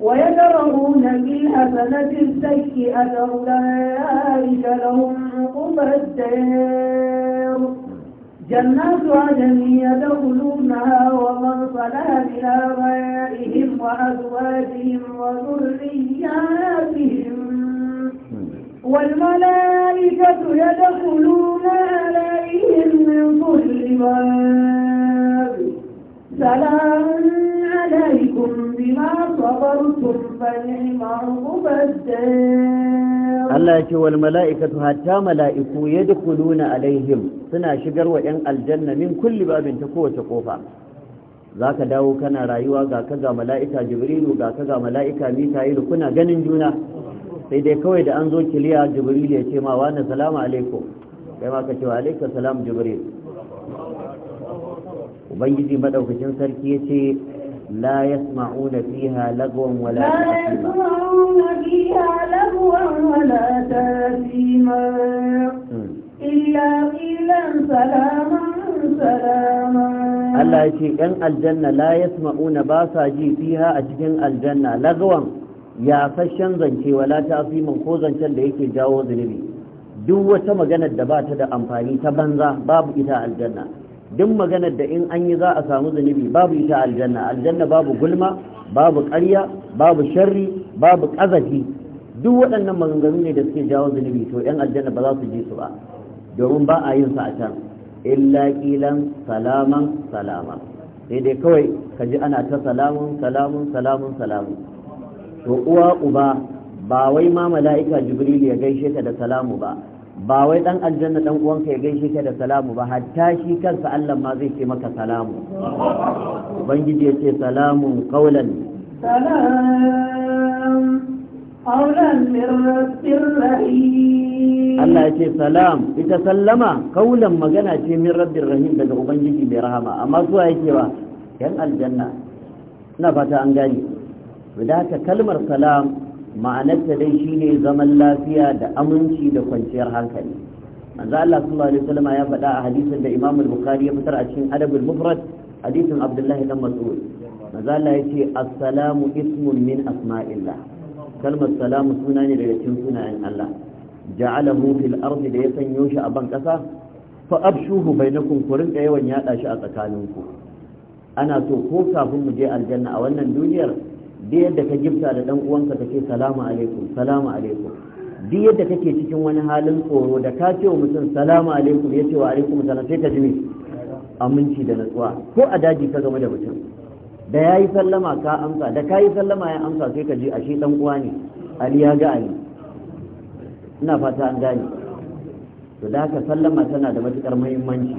ويذرون بالحسنة السيئة أولئك لهم عقب الدار جنات عدن يدخلونها ومن صلى بآبائهم وأزواجهم وذرياتهم والملائكة يدخلون عليهم من كل باب سلام عليكم Allah ya ce wal mala’ikatu hatta mala’iku والملائكة حتى alaihim suna shigar wa 'yan aljanna min من كل ta kowace ƙofa. za ka dawo kana rayuwa ga ka ga mala'ika jibrilu ga ka ga mala'ika mika'ilu kuna ganin juna sai dai kawai da an zo kiliya jibrilu ya ce ma wa na salamu alaikum kai ma ka ce wa alaika salam Jibrilu. ubangiji madaukakin sarki ya ce لا يسمعون فيها لغوا ولا تأثيما لا يسمعون فيها لغوا ولا تأثيما إلا قيلا سلاما سلاما Allah ya ce ‘yan aljanna la ya ma'una ba sa ji fiha a cikin aljanna lagawan ya sashen zance wala ta ko zancen da yake jawo zunubi duk wata maganar da ba ta da amfani ta banza babu ita aljanna duk maganar da in an yi za a samu zunubi babu ita aljanna aljanna babu gulma babu ƙarya babu sharri babu ƙazafi duk waɗannan maganganu ne da suke jawo zunubi to 'yan aljanna ba za su ji su ba domin ba a yin sa a can illa ƙilan salaman salama sai dai kawai ka ji ana ta salamun salamun salamun salamun to uwa uba ba wai ma mala'ika jibril ya gaishe ka da salamu ba ba wai dan aljanna dan uwanka ya gaishe ka da salamu ba hatta shi kansa Allah ma zai ce maka salamu ubangiji ya ce salamun qaulan salam qaulan min rabbir rahim Allah ya ce salam ita sallama qaulan magana ce min rabbir rahim daga ubangiji mai rahama amma zuwa yake ba yan aljanna ina fata an gani da kalmar salam ma'anarta dai shine zaman lafiya da aminci da kwanciyar hankali manzo Allah sallallahu alaihi wasallam ya faɗa a hadisin da Imam al-Bukhari ya fitar a cikin Adabul Mufrad hadisin Abdullah ibn Mas'ud manzo Allah yace assalamu ismun min asma'illah kalmar salamu suna ne daga cikin sunayen Allah ja'alahu fil ardi da ya sanyo shi a ban kasa fa abshuhu bainakum ku da yawan yada shi a tsakaninku ana so ko kafin mu je aljanna a wannan duniyar duk yadda ka gifta da dan uwanka ka ce salamu alaikum salamu alaikum duk yadda kake cikin wani halin tsoro da ka ce wa mutum salamu alaikum ya ce wa alaikum salam sai ka ji aminci da natsuwa ko a daji ka game da mutum da yayi sallama ka amsa da ka yi sallama ya amsa sai ka ji shi dan uwa ne ali ya ga ali ina fata an gane to da ka sallama tana da matukar muhimmanci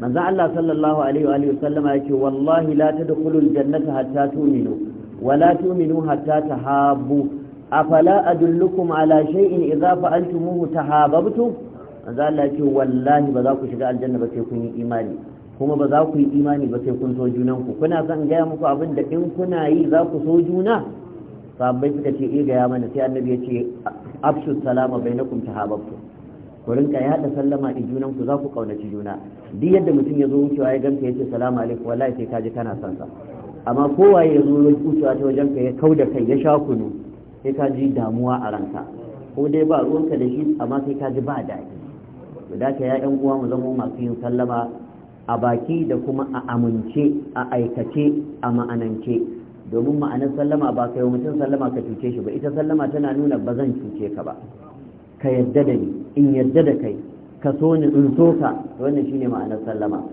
manzo Allah sallallahu alaihi wa alihi sallama yake wallahi la tadkhulul jannata hatta tu'minu wala tu'minu hatta tahabbu afala adullukum ala shay'in idza fa'altumuhu tahabbtum manzo Allah ce wallahi ba za ku shiga aljanna ba sai kun yi imani kuma ba za ku yi imani ba sai kun so junan kuna son gaya maku abinda in kuna yi za ku so juna sahabbai suka ce gaya mana sai ya ce salama ku yada sallama a junan ku za ku kaunaci juna duk yadda mutum ya zo wucewa ya ganka ya ce salamu alaikum wallahi sai ka ji kana son sa amma kowaye ya zo ya wucewa ta wajen ka ya kau da kai ya sha kunu sai ka ji damuwa a ranka ko dai ba ruwanka da shi amma sai ka ji ba daɗi da ka ya ɗan uwa mu zama masu yin sallama a baki da kuma a amince a aikace a ma'anance domin ma'anar sallama ba kai mutum sallama ka cuce shi ba ita sallama tana nuna ba zan cuce ka ba ka yadda da ni in yadda da kai ka so ni in so ka wannan shine ma'anar sallama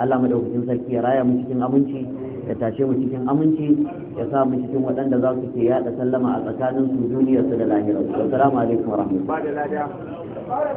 Allah madaukakin sarki ya raya mu cikin aminci ya tashe mu cikin aminci ya sa mu cikin waɗanda za su ke yaɗa sallama a tsakanin su duniyarsu da lahirar. Assalamu alaikum wa rahmatullahi.